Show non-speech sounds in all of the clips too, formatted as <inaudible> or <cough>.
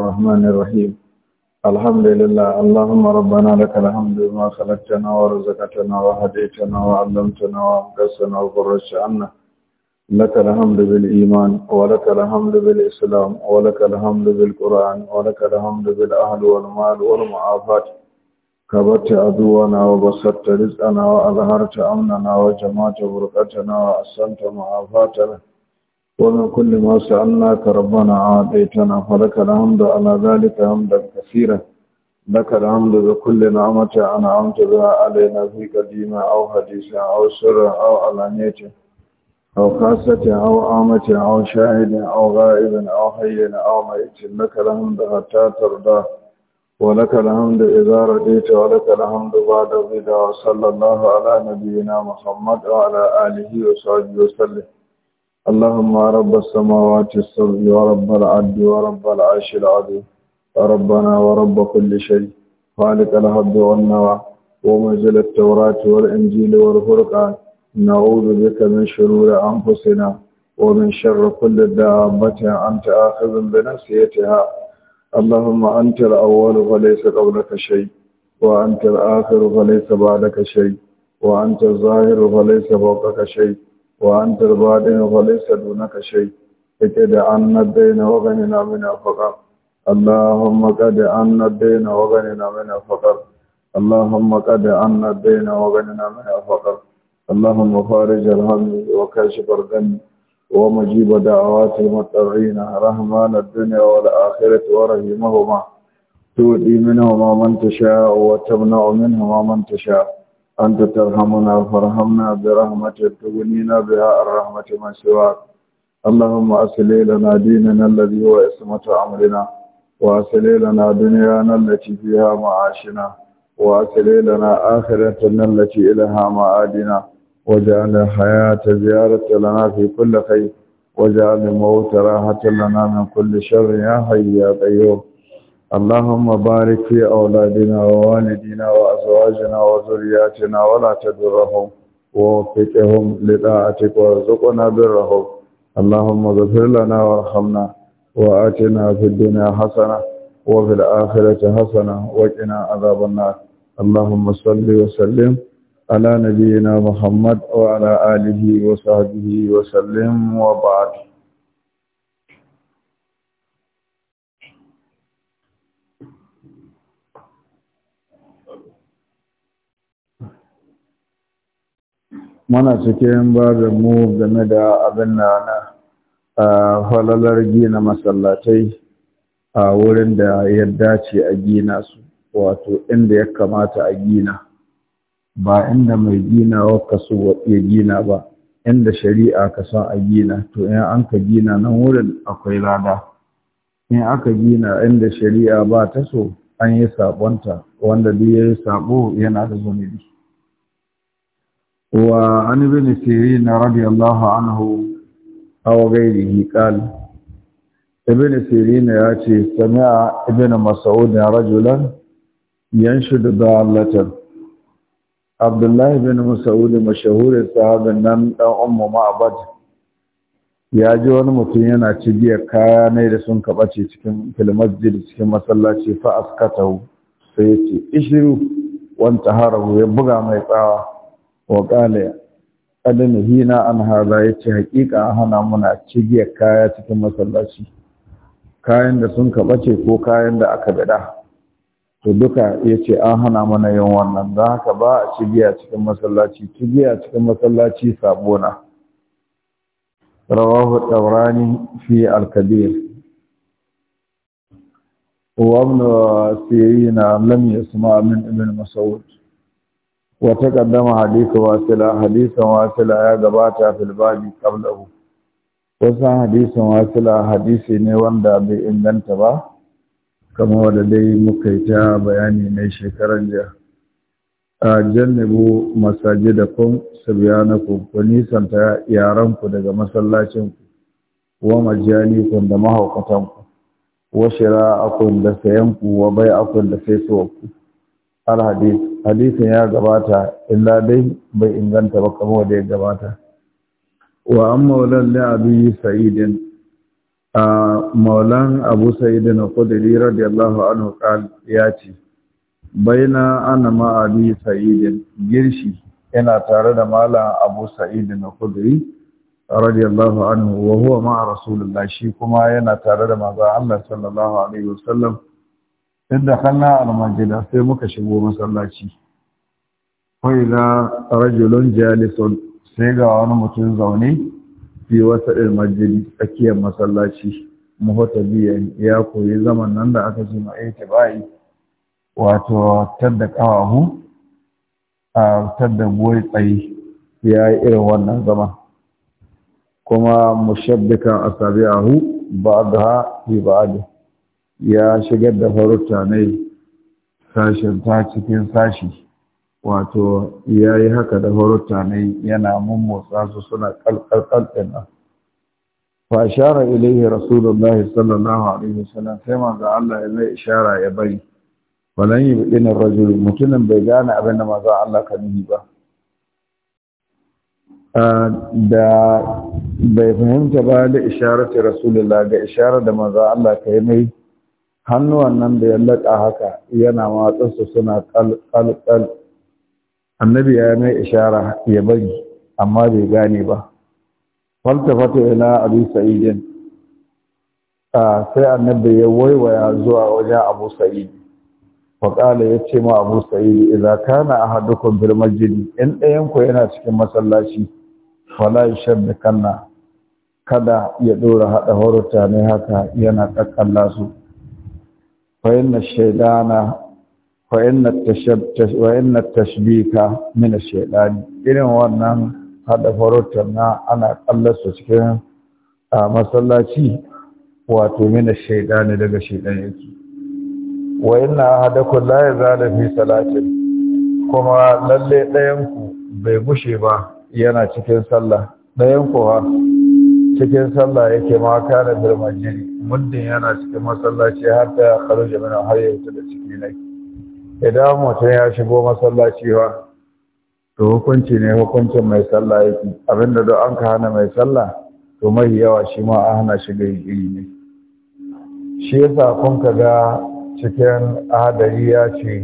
الرحمن الرحيم الحمد لله اللهم ربنا لك الحمد ما خلقتنا ورزقتنا وهديتنا وعلمتنا وأنقذتنا وفرجت عنا لك الحمد بالإيمان ولك الحمد بالإسلام ولك الحمد بالقرآن ولك الحمد بالأهل والمال والمعافاة كبرت عدونا وبسطت رزقنا وأظهرت أمننا وجمعت برقتنا وأحسنت معافاتنا ومن كل ما سألناك ربنا عاديتنا فلك الحمد على ذلك حمدا كثيرا لك الحمد بكل نعمة أنعمت بها علينا في قديمة أو حديثة أو سرة أو علانية أو خاصة أو عامة أو شاهد أو غائب أو حي أو ميت لك الحمد حتى ترضى ولك الحمد إذا رديت ولك الحمد بعد الرضا وصلى الله على نبينا محمد وعلى آله وصحبه وسلم اللهم رب السماوات السبع ورب العد ورب العرش العظيم ربنا ورب كل شيء خالق الهب والنوى ومنزل التوراة والإنجيل والفرقان نعوذ بك من شرور أنفسنا ومن شر كل دابة أنت آخذ بنسيتها اللهم أنت الأول وليس قبلك شيء وأنت الآخر وليس بعدك شيء وأنت الظاهر وليس فوقك شيء وأنت الباطن وليس دونك شيء اكد أن الدين وغننا من الفقر اللهم قد عنا الدين وغننا من الفقر اللهم قد عنا الدين وغننا من الفقر اللهم فارج الهم وكاشف الغم ومجيب دعوات المضطرين رحمن الدنيا والآخرة ورحمهما تؤتي منهما من تشاء وتمنع منهما من تشاء أنت ترحمنا فارحمنا برحمتك تغنينا بها الرحمة من سواك اللهم أسلي لنا ديننا الذي هو عصمة أمرنا وأسلي لنا دنيانا التي فيها معاشنا وأسلي لنا آخرتنا التي إليها معادنا واجعل الحياة زيارة لنا في كل خير واجعل الموت راحة لنا من كل شر يا حي يا قيوم اللهم بارك في أولادنا ووالدينا وأزواجنا وذرياتنا ولا تدرهم ووفقهم لطاعتك وارزقنا برهم اللهم اغفر لنا وارحمنا وآتنا في الدنيا حسنة وفي الآخرة حسنة وقنا عذاب النار اللهم صل وسلم على نبينا محمد وعلى آله وصحبه وسلم وبعد muna cikin babin mu game da abin da na falalar gina masallatai a wurin da ya dace a gina su wato inda ya kamata a gina ba inda mai gina ka su ya gina ba inda shari'a ka san a gina to in an ka gina nan wurin akwai lada in aka gina inda shari'a ba ta so an yi sabonta wanda duk ya yi sabo yana da zunubi وعن ابن سيرين رضي الله عنه أو غيره قال ابن سيرين يأتي سمع ابن مسعود رجلا ينشد ضالة عبد الله بن مسعود مشهور صحابة نم أم معبد ya ji wani mutum yana ci biya kaya ne da sun ce cikin filmasjid cikin masallaci fa askatahu sai ya ce ishiru wanta harahu ya buga mai tsawa wa adana hina an haza ya ce hakika hana muna cigiyar kaya cikin masallaci kayan da sun kaɓace ko kayan da aka gada to duka ya ce an hana mana yin wannan za haka ba a cigiya cikin masallaci cigiya cikin masallaci sabona rawahu taurani fi alkabir wa ibn sirina lam yasma min ibn mas'ud وتقدم حديث واصلة حديث واصلة يا جباتا في الباب قبله وسا حديث واصلة hadisi ne wanda bai inganta ba kamar wanda dai muka ta bayani ne shekaran jiya a jannabu masajidakum sabyanakum ku nisanta yaranku daga masallacin ku wa majalikum da mahaukatan wa shira'akum da sayanku wa bai'akum da Al'hadis, hadisin ya gabata illa dai bai inganta ba kamar wanda ya gabata wa an maulan na abu sa'idin a maulan abu sa'idin a kudiri radiyallahu anhu kal ya ce baina ana ma abu sa'idin girshi yana tare da malam abu sa'idin a kudiri radiyallahu anhu wa huwa ma rasulullah shi kuma yana tare da maza Allah sallallahu alaihi wasallam inda kanna almajida sai muka shigo masallaci kai da rajulun jalisun sai ga wani mutum zaune fi wata almajidi tsakiyar masallaci biya ya koyi zaman nan da aka ce ma bayi wato tadda kawahu a tadda goyi tsayi ya yi irin wannan zama kuma mushabbika asabi'ahu ba'daha fi ba'daha ya shigar da farutta ne sashen ta cikin sashi wato ya yi haka da farutta ne yana mummotsa su suna kalkalkal ɗin nan fa ishara ilaihi rasulullahi sallallahu alaihi wasallam sai manzo Allah ya mai ishara ya bari falan yi bidin rajul mutumin bai gane abin da manzo Allah ka nihi ba da bai fahimta ba da isharar rasulullah ga isharar da manzo Allah ka yi mai hannuwan nan da ya laƙa haka yana matsarsa suna ƙalƙal annabi ya mai ishara ya bari amma bai gane ba faltafata ila abu sa'idin sai annabi ya waiwaya zuwa wajen abu sa'idi faƙala ya ce ma abu sa'idi idan kana a haddukun bil jini. in ɗayanku yana cikin masallaci fala da kanna kada ya ɗora haɗa horota ne haka yana ƙaƙƙalla su فإن الشيطان فإن التشبيه وإن irin wannan hada farautar na ana kallasa cikin masallaci wato mina min ne daga shaiɗan yake wa inna ahadakum la yazala fi salatin kuma lalle ɗayanku bai bushe ba yana cikin sallah ɗayan ku ha cikin sallah yake ma kana bil jini, muddin yana cikin masallaci har ta kharuja min har ya fita da ciki ne idan mutum ya shigo masallaci wa to hukunci ne hukuncin mai sallah yake abinda da an ka hana mai sallah to mai yawa shi ma an hana shi gari ne shi yasa kun ka ga cikin adari ya ce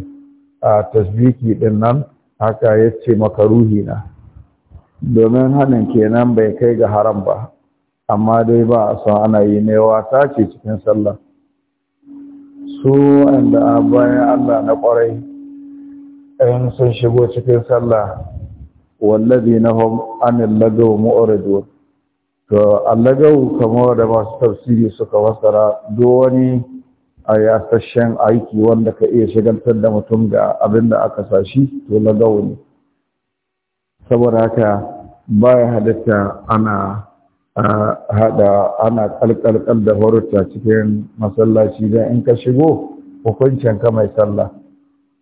a tasbiki din nan haka ya ce makaruhi na domin hannun kenan bai kai ga haram ba amma dai ba a san ana yi ne wata ce cikin sallah su inda bayan Allah na kwarai ɗayan sun shigo cikin sallah wallazi na hom anil lagaw mu'ridu to allagaw kamar da masu tafsiri suka wasara duk wani a yasashen aiki wanda ka iya shigantar da mutum ga abin da aka sashi to lagaw ne saboda haka baya halitta ana hada ana kalkalkal da horta cikin masallaci da in ka shigo hukuncin ka mai sallah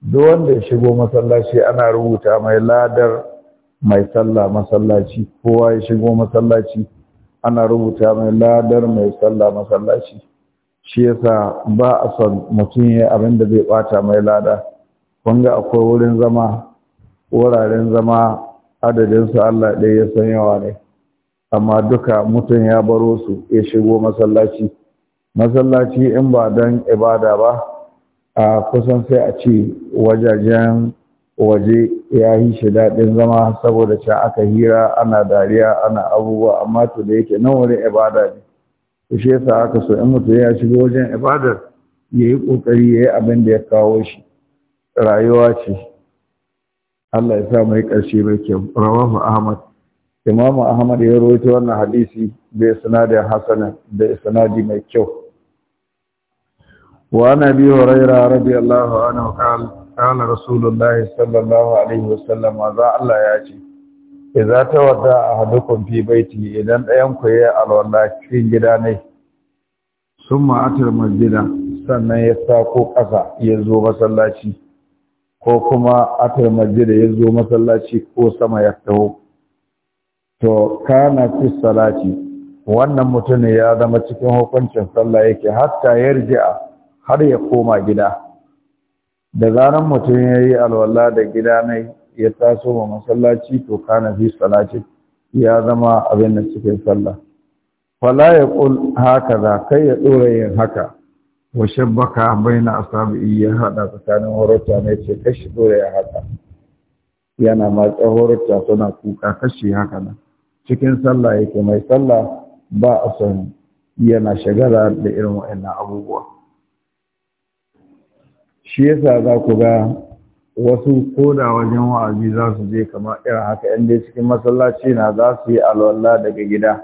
duk wanda ya shigo masallaci ana rubuta mai ladar mai sallah masallaci kowa ya shigo masallaci ana rubuta mai ladar mai sallah masallaci shi yasa ba a son mutum ya abin da zai bata mai lada ga akwai wurin zama wuraren zama adadinsu Allah ɗaya ya san yawa ne amma duka mutum ya baro su ya shigo masallaci masallaci in ba don ibada ba a kusan sai a ce wajajen waje ya yi shi daɗin zama saboda can aka hira ana dariya ana abubuwa amma to da yake nan wurin ibada ne shi yasa aka so in mutum ya shigo wajen ibadar ya yi ƙoƙari ya yi abin da ya kawo shi rayuwa ce Allah ya sa mai ƙarshe mai kyau rawahu Ahmad Imam ahmad ya rawaito wannan hadisi da sanadin hasan da sanadi mai kyau wa nabi hurairah radiyallahu anhu qala قال رسول الله صلى الله عليه وسلم ذا idza tawadda ahadukum fi baiti idan ɗayan ku yayi alwala cikin gida ne summa atar masjida sannan ya sako ƙasa ya zo masallaci ko kuma atar masjida ya zo masallaci ko sama ya taho to kana fi salati wannan mutum ya zama cikin hukuncin sallah yake hatta a har ya koma gida da zaran mutum ya yi alwala da gida ne ya taso ma masallaci to kana fi salati ya zama abin da cikin sallah fala ya kul haka za kai ya dora yin haka wa shabbaka baina asabi'i ya hada tsakanin horota ne ce kashi dora ya haka yana ma tsahorar suna kuka kashi haka nan cikin sallah yake mai sallah ba a son yana shagara da irin wa'ina abubuwa shi yasa za ku ga wasu koda wajen wa'azi za su je kama irin haka yan dai cikin masallaci na za su yi alwala daga gida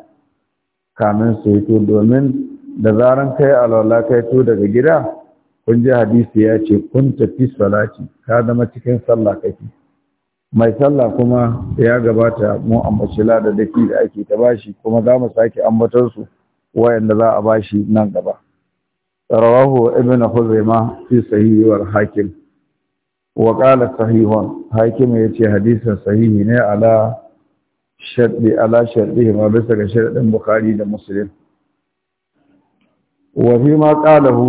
kamin su yi to domin da zaran kai alwala kai to daga gida kun ji hadisi ya ce kun tafi salati ka zama cikin sallah kake mai sallah kuma ya gabata mu ambaci da daki da ake ta bashi kuma za mu sake ambatar su wayanda za a bashi nan gaba rawahu ibn huzaima fi sahihi wal hakim wa qala sahihun hakim yace hadisin sahihi ne ala shardi ala shardihi ma bisa ga sharadin bukhari da muslim wa fi ma qalahu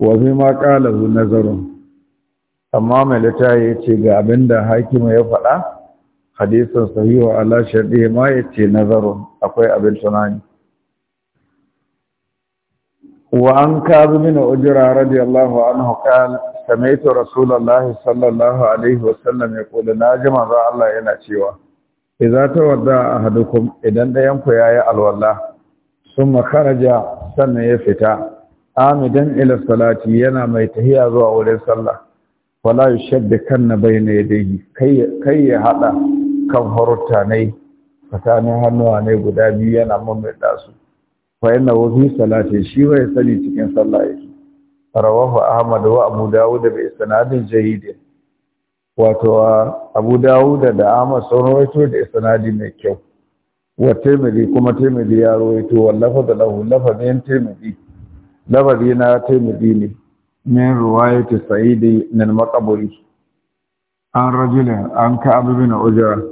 wa fi ma qalahu nazarun amma mai littafi ya ce ga abin da Hakima ya faɗa hadisun sahihu ala sharɗi ma ya ce nazarun akwai abin tunani wa an ka bi mini ujira radiyallahu anhu qala ta rasulullahi sallallahu alaihi wasallam kula na ji manzo Allah yana cewa idza tawadda ahadukum idan dayan ku yayi alwala Sun kharaja sannan ya fita amidan ila salati yana mai tahiya zuwa wurin sallah wala na bayna yadayhi kai kai ya hada kan horta ne tsakanin hannuwa ne guda biyu yana mamada su fa inna fi salati shi ya sani cikin sallah yake rawahu ahmad wa abu dawud bi isnadin jayyid wato abu dawud da ahmad sun rawaito da isnadi mai kyau wa tirmidhi kuma tirmidhi ya rawaito lafa da lafa lafazin tirmidhi lafazi na tirmidhi ne min ruwayati sa'id ibn al-maqburi an rajula an ka'ab ibn ujra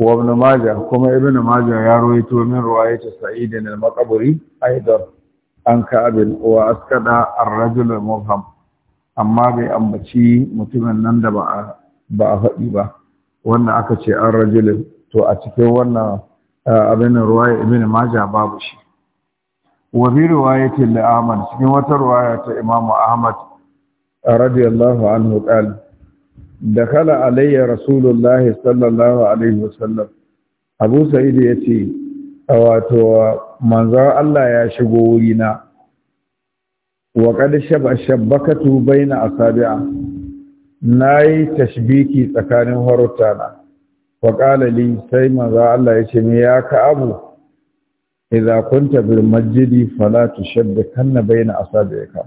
wa ibn majah kuma ibn majah ya rawaito min ruwayati sa'id ibn al-maqburi aidan an ka'ab wa askada ar-rajul mubham amma bai ambaci mutumin nan da ba a faɗi ba wannan aka ce an rajulin to a cikin wannan abin ruwaya ibn maja babu shi wa bi riwayatin li Ahmad cikin wata riwaya ta Imam Ahmad radiyallahu anhu qal dakala alayya rasulullahi sallallahu alaihi wasallam Abu Sa'id yace wato manzo Allah ya shigo wurina wa qad shaba shabakatu baina asabi'a nayi tashbiki tsakanin horutana wa qala li sai manzo Allah yace me ya ka abu idza kunta bil masjidi fala tushaddikanna bayna asabi'ika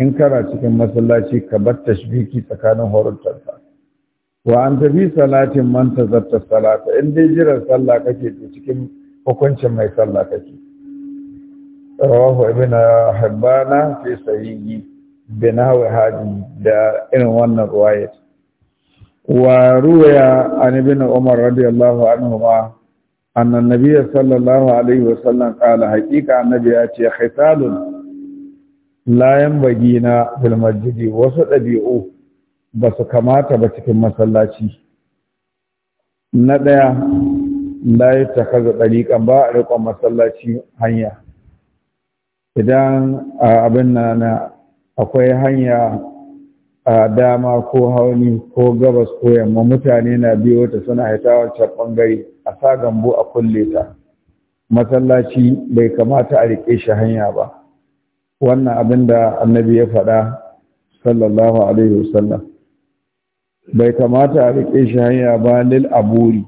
in kana cikin masallaci ka bar tashbiki tsakanin horuntarka wa an tabi salatin man tazatta salata in dai jiran sallah kake to cikin hukuncin mai sallah kake rawahu ibn habana fi sahihi binawi hadi da irin wannan riwayat wa ruwaya an ibn umar radiyallahu anhu ma annan nabiya sallallahu alaihi wasallam kala haƙiƙa annabi ya ce khaitalun layan bagi na bilmajidi wasu ɗabi'u ba su kamata ba cikin masallaci na ɗaya layi ta kaza ba a riƙon masallaci hanya idan abin na akwai hanya a dama ko hauni ko gabas ko yamma mutane na biyo ta suna haita wancan bangare a sa gambo a kulle ta masallaci bai kamata a riƙe shi hanya ba wannan abin da annabi ya faɗa sallallahu alaihi wasallam bai kamata a riƙe shi hanya ba lil aburi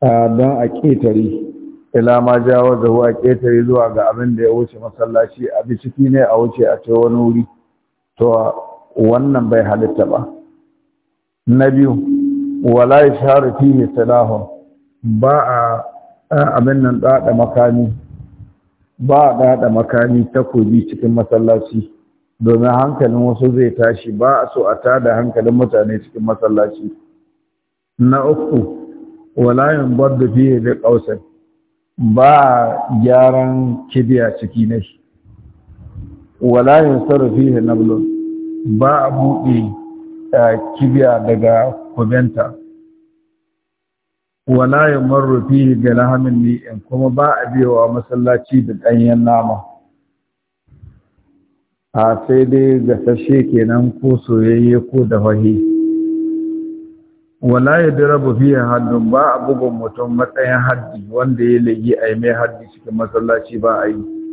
A don a ƙetare ila ma jawo da a ƙetare zuwa ga abin da ya wuce masallaci a bi ciki ne a wuce a ce wani wuri to wannan bai halitta ba na biyu wala yashharu fihi salahun ba a abin nan ɗaɗa makami ba a ɗaɗa makami takobi cikin masallaci domin hankalin wasu zai tashi ba a so a tada hankalin mutane cikin masallaci na uku wala yambar fiye da ƙausar ba a gyaran kibiya ciki Walayin wala sarrafi na bulon. ba a buɗe kibiya daga kubenta wala ya marro fihi ga lahamin ni'in kuma ba a biyowa masallaci da ɗanyen nama a sai dai gasashe kenan ko soyayye ko da fahi wala ya diraba fiye hannun ba a bugun mutum matsayin haddi wanda ya lagi a yi mai haddi cikin masallaci ba a yi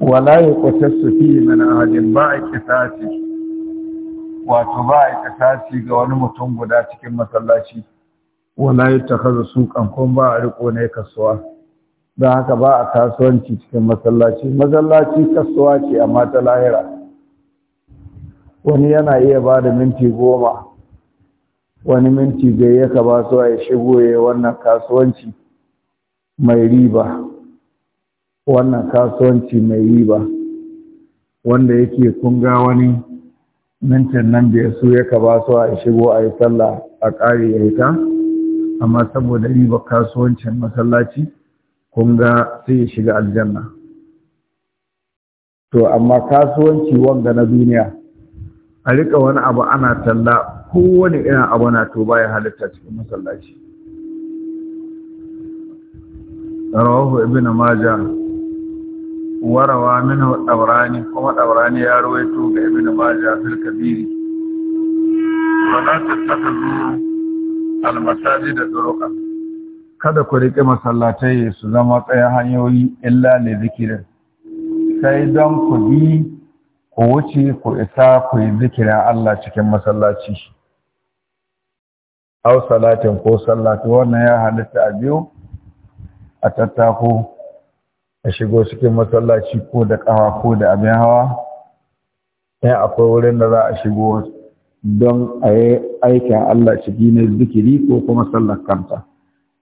wala ya kwatarsu fi mana ba a kisasi wato ba a ga wani mutum guda cikin masallaci wala ya kaza su kankon ba a riko ne kasuwa don haka ba a kasuwanci cikin masallaci masallaci kasuwa ce amma ta lahira wani yana iya ba da minti goma wani minti bai yaka ba su a shigo ya wannan kasuwanci mai riba wannan kasuwanci mai yi ba, wanda yake kunga wani mintin nan da ya so ya ka ba su a shigo a yi sallah a ƙari ya yi ta, amma saboda riba kasuwancin masallaci kunga sai ya shiga aljanna to amma kasuwanci wanga na duniya a rika wani abu ana talla kowane irin abu na to baya halitta cikin masallaci rawahu ibn majah warawa minhu daurani kuma daurani ya rawaito ga ibnu majah fil kabiri wala tattakhudhu al masajid kada ku rike masallatai su zama tsaya hanyoyi illa li zikirin sai don ku bi ku wuce ku isa ku yi zikirin Allah cikin masallaci aw salatin ko sallati wannan ya halitta a biyu a tattako a shigo cikin masallaci ko da ƙawa ko da abin hawa ɗaya akwai wurin da za a shigo don a yi aikin Allah ciki na zikiri ko kuma sallar kanta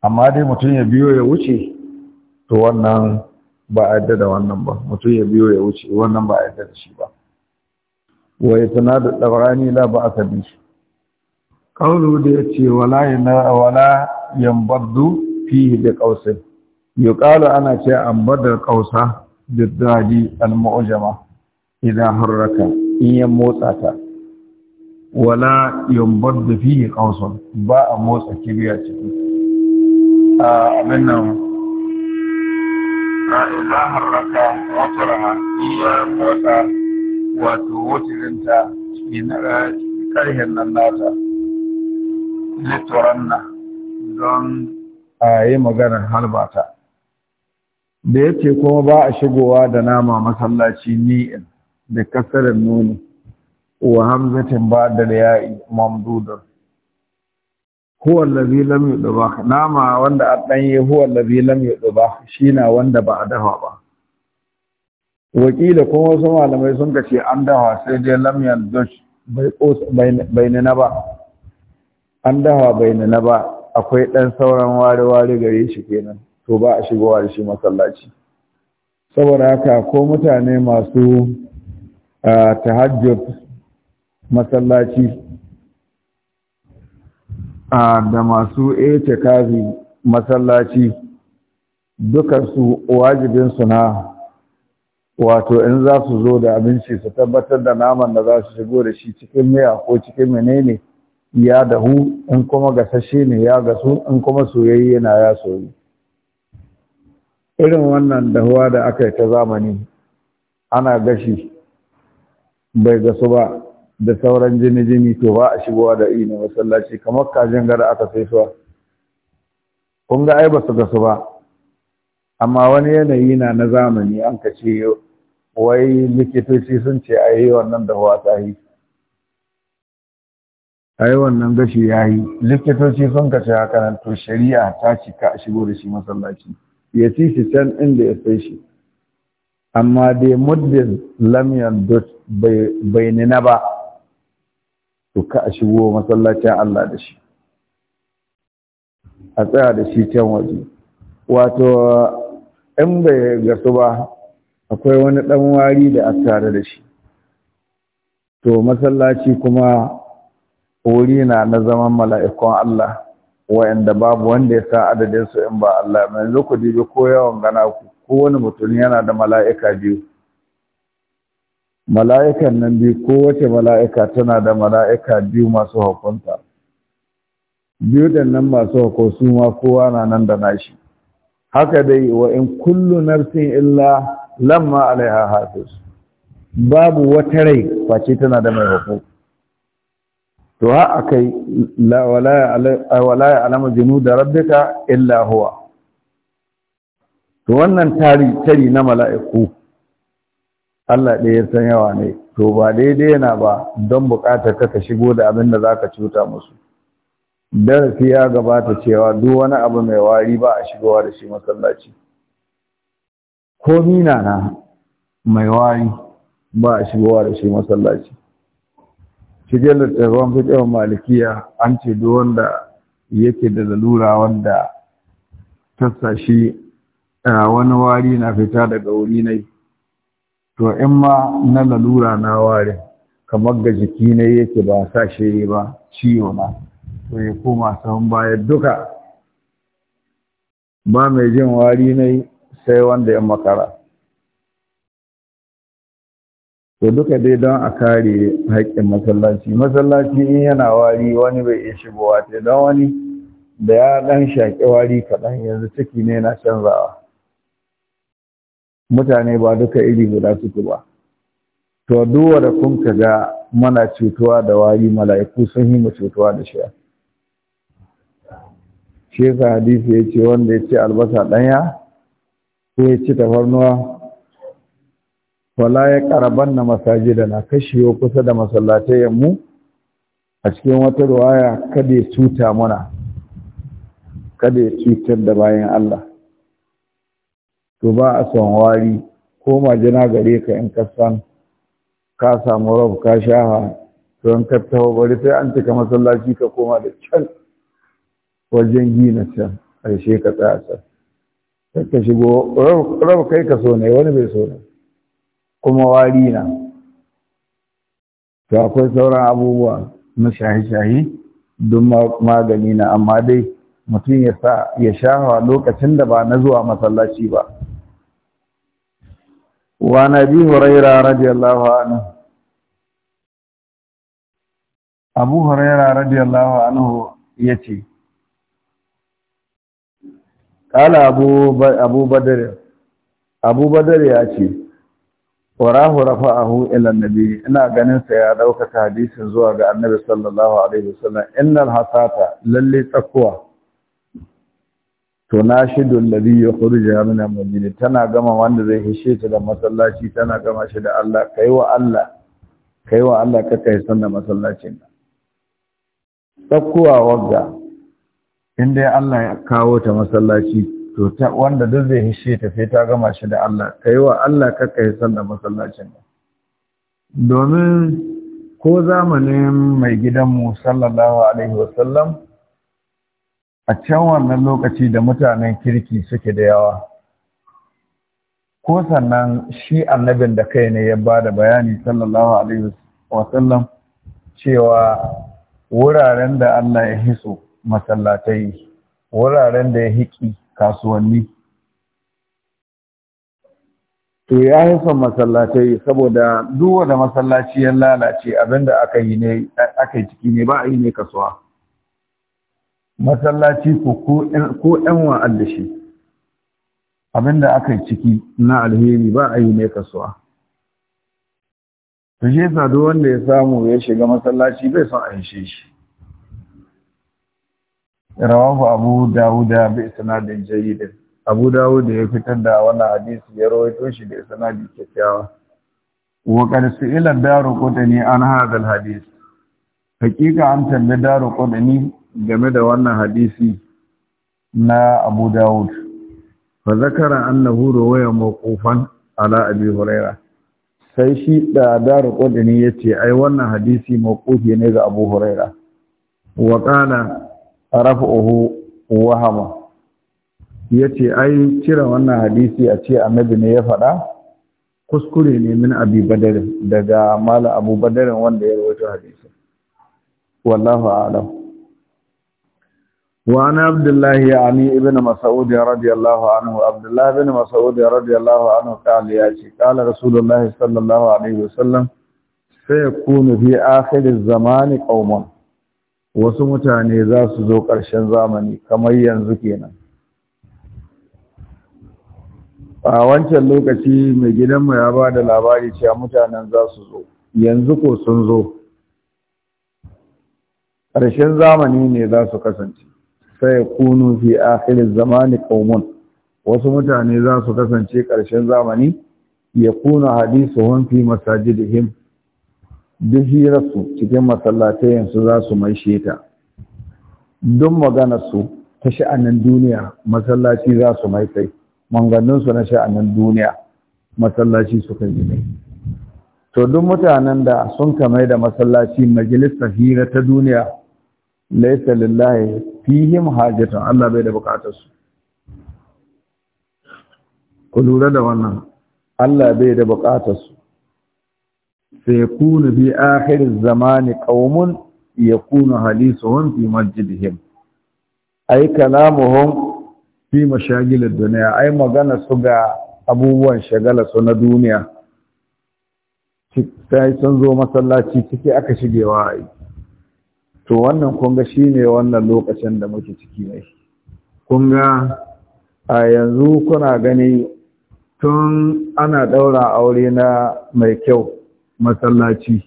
amma dai mutum ya biyo ya wuce to wannan ba a yadda da wannan ba mutum ya biyo ya wuce wannan ba a yadda da shi ba wa ya tana da ɗaurani la ba a sabi shi kawo da ya ce wala yana wala yambardu fi da ƙausai yuqalu ana ce an badar qausa biddadi al-mu'jama idan harraka in ya motsa ta wala yumbaddu fihi qausun ba a motsa kibiya ciki a a idan harraka motsa in ya motsa wato wutirinta cikin ƙarhen nan nata litoran na don a yi maganar halbata da ya ce kuma ba a shigowa da nama masallaci ni'in da kasarar nuni wa hamzatin ba da ya'i mamdudar huwa allazi lam ba nama wanda a ɗanye huwa allazi lam shi na wanda ba a dafa ba wakila kuma wasu malamai sun ce an dafa sai dai lam yi bai bai na ba an dafa bai nina ba akwai ɗan sauran ware ware gare shi kenan to ba a shigowa da shi masallaci saboda haka ko mutane masu tahajjud masallaci da masu etikafi masallaci dukansu wajibinsu na wato in za su zo da abinci su tabbatar da naman da za su shigo da shi cikin miya ko cikin menene ya dahu in kuma gasashe ne ya gasu in kuma soyayye na ya soyu irin wannan dahuwa da aka yi ta zamani ana gashi bai gasu ba da sauran jini-jini to ba a shigowa da ina masallaci kamar kajin gara aka sai suwa kun ga ai ba su gasu ba amma wani yanayi na na zamani an ka ce wai likitoci sun ce a yi wannan dahuwa ta yi a yi wannan gashi ya yi likitoci sun ka ce haka nan to shari'a ta cika a shigo da shi masallaci ya ci shi can inda ya sai shi amma dai muddin lamyan dut bai nina ba to ka a shigo masallacin Allah da shi a tsaya da shi can waje wato in bai gasu ba akwai wani ɗan wari da aka tare da shi to masallaci kuma wuri na na zaman mala'ikon Allah wa'anda babu wanda ya sa adadin su in ba Allah ba yanzu ku dibi ko yawan gana ku Ko wani mutum yana da mala'ika biyu mala'ikan nan biyu wace mala'ika tana da mala'ika biyu masu hukunta biyu da nan masu hako su ma kowa na nan da nashi haka dai wa in kullu nafsin illa lamma alaiha hafiz babu wata rai face tana da mai hukunta to ha akai wala ya alama jinu da rabbika illa huwa to wannan tari tari na mala'iku Allah ɗaya san yawa ne to ba daidai yana ba don buƙatar ka shigo da abin da za ka cuta musu darasi ya gabata cewa duk wani abu mai wari ba a shigowa da shi masallaci ko mina na mai wari ba a shigowa da shi masallaci da littattafan fiƙewar malikiya an ce duk wanda yake da lalura wanda tassa shi wani wari na fita daga wuri ne to in ma na lalura na wari, kamar ga jiki na yake ba sa shiri ba ciwo na to ya koma sahun bayan duka ba mai jin wari ne sai wanda ya makara to duka dai don a kare haƙƙin masallaci masallaci in yana wari wani bai iya shigowa ta don wani da ya ɗan shaƙi wari kaɗan yanzu ciki ne na canzawa mutane ba duka iri guda suke ba to duwa da kun ka ga mana cutuwa da wari mala'iku sun yi mu cutuwa da shi shi hadisi ya ce wanda ya ce albasa ɗanya ko ya ci tafarnuwa wala ya karaban na masajida na kashewa kusa da masallatayen mu a cikin wata ruwaya kada ya cuta muna kada ya cutar da bayan Allah to ba a son wari ko majina gare ka in kasan ka samu rab ka shaha to in ka taho bari sai an cika masallaci ka koma da can wajen gina can ƙarshe ka tsaya can ka shigo rab kai ka so ne wani bai so ne kuma wari na to akwai sauran abubuwa na shahi-shahi don magani na amma dai mutum ya sa ya shahawa lokacin da ba na zuwa masallaci ba wa bi huraira radiyallahu anhu abu huraira radiyallahu anhu ya ce abu abu badr abu ya ce a rafa'ahu ila nabi ina ganin sa ya dauka hadisin zuwa ga annabi sallallahu alaihi wasallam innal hasata lalle tsakuwa to nashidu alladhi yukhrijuha min al-madina tana gama wanda zai hishe ta da masallaci tana gama shi da Allah kai wa Allah kai wa Allah ka kai sanna masallacin tsakuwa wagga in dai Allah ya kawo ta masallaci to ta wanda duk zai hishe ta sai ta gama shi da Allah kai wa Allah kakka san da masallacin domin ko zamanin mai gidanmu sallallahu alaihi wasallam a can wannan lokaci da mutanen kirki suke da yawa ko sannan shi annabin da kai ne ya bada bayani sallallahu alaihi wasallam cewa wuraren da Allah ya hiso masallatai wuraren da ya hiki kasuwanni to ya yi son masallatai saboda duk da masallaci ya lalace abinda aka yi ne aka yi ciki ne ba a yi ne kasuwa masallaci ko ko ɗan da shi abinda aka yi ciki na alheri ba a yi ne kasuwa to shi duk wanda ya samu ya shiga masallaci bai son a yi shi rawahu abu dawud bi sanadin jayyid abu dawud ya fitar da wannan hadisi ya rawaito shi da sanadi kyakkyawa wa qad su'ila daru qudani an hadha al hadith hakika an tambaye daru qudani game da wannan hadisi na abu dawud fa zakara annahu rawaya mawqufan ala abi huraira sai shi da daru qudani yace ai wannan hadisi mawqufi ne ga abu huraira wa qala raf'uhu wahama yace ai cire wannan hadisi a ce annabi ne ya faɗa kuskure ne min abi badar daga mala abu badar wanda ya rawaito hadisi wallahu a'lam wa ana abdullah yani ibn mas'ud radiyallahu anhu abdullah ibn mas'ud radiyallahu anhu qala ya ce qala rasulullahi sallallahu alaihi wasallam sayakunu fi akhir az-zaman qauman wasu mutane za su zo ƙarshen zamani kamar yanzu kenan a wancan lokaci mai gidanmu ya ba da labari cewa mutanen za su zo yanzu ko sun zo ƙarshen zamani ne za su kasance sai kunu fi akhirin zamani kaumun, wasu mutane za su kasance ƙarshen zamani ya kuna hadisu, hun fi masajidihim duk hirarsu cikin masallatayensu za su mai sheta duk maganarsu ta sha'anin duniya masallaci za su mai kai Manganninsu na sha'anin duniya masallaci su kan to duk mutanen da sun kamai da masallaci majalisar hira ta duniya laisa lillahi fihim hajatun Allah bai da bukatarsu ku lura da wannan Allah bai da bukatarsu sayakunu bi akhiriz zamani qaumun yakunu halisuhum fi masjidihim ay kalamuhum fi mashagilid dunya ay magana su ga abubuwan shagala su na duniya sai sun zo masallaci ciki aka shigewa ai to wannan kunga shine wannan lokacin da muke ciki ne kunga a yanzu kuna gani tun ana daura aure na mai kyau masallaci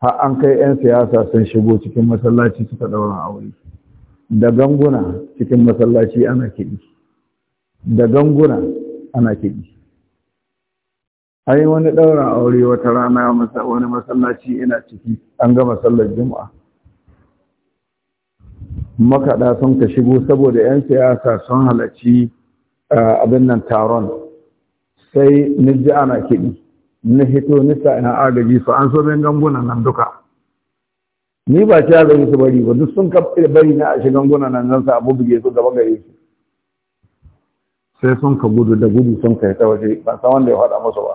har an kai 'yan siyasa sun shigo cikin masallaci suka ɗaura aure da ganguna cikin masallaci ana kiɗi da ganguna ana kiɗi yi wani ɗaura aure wata rana wani masallaci ina ciki an gama sallar juma'a makaɗa sun ka shigo saboda 'yan siyasa sun halarci abin nan taron sai nijji ana kiɗi na hito nisa ina agaji su an so min ganguna nan duka ni ba ci agaji su bari ba duk sun kafa bari na a shi ganguna nan nan sa abu buge su gaba gare su sai sun ka gudu da gudu sun ka ta waje ba san wanda ya faɗa musu ba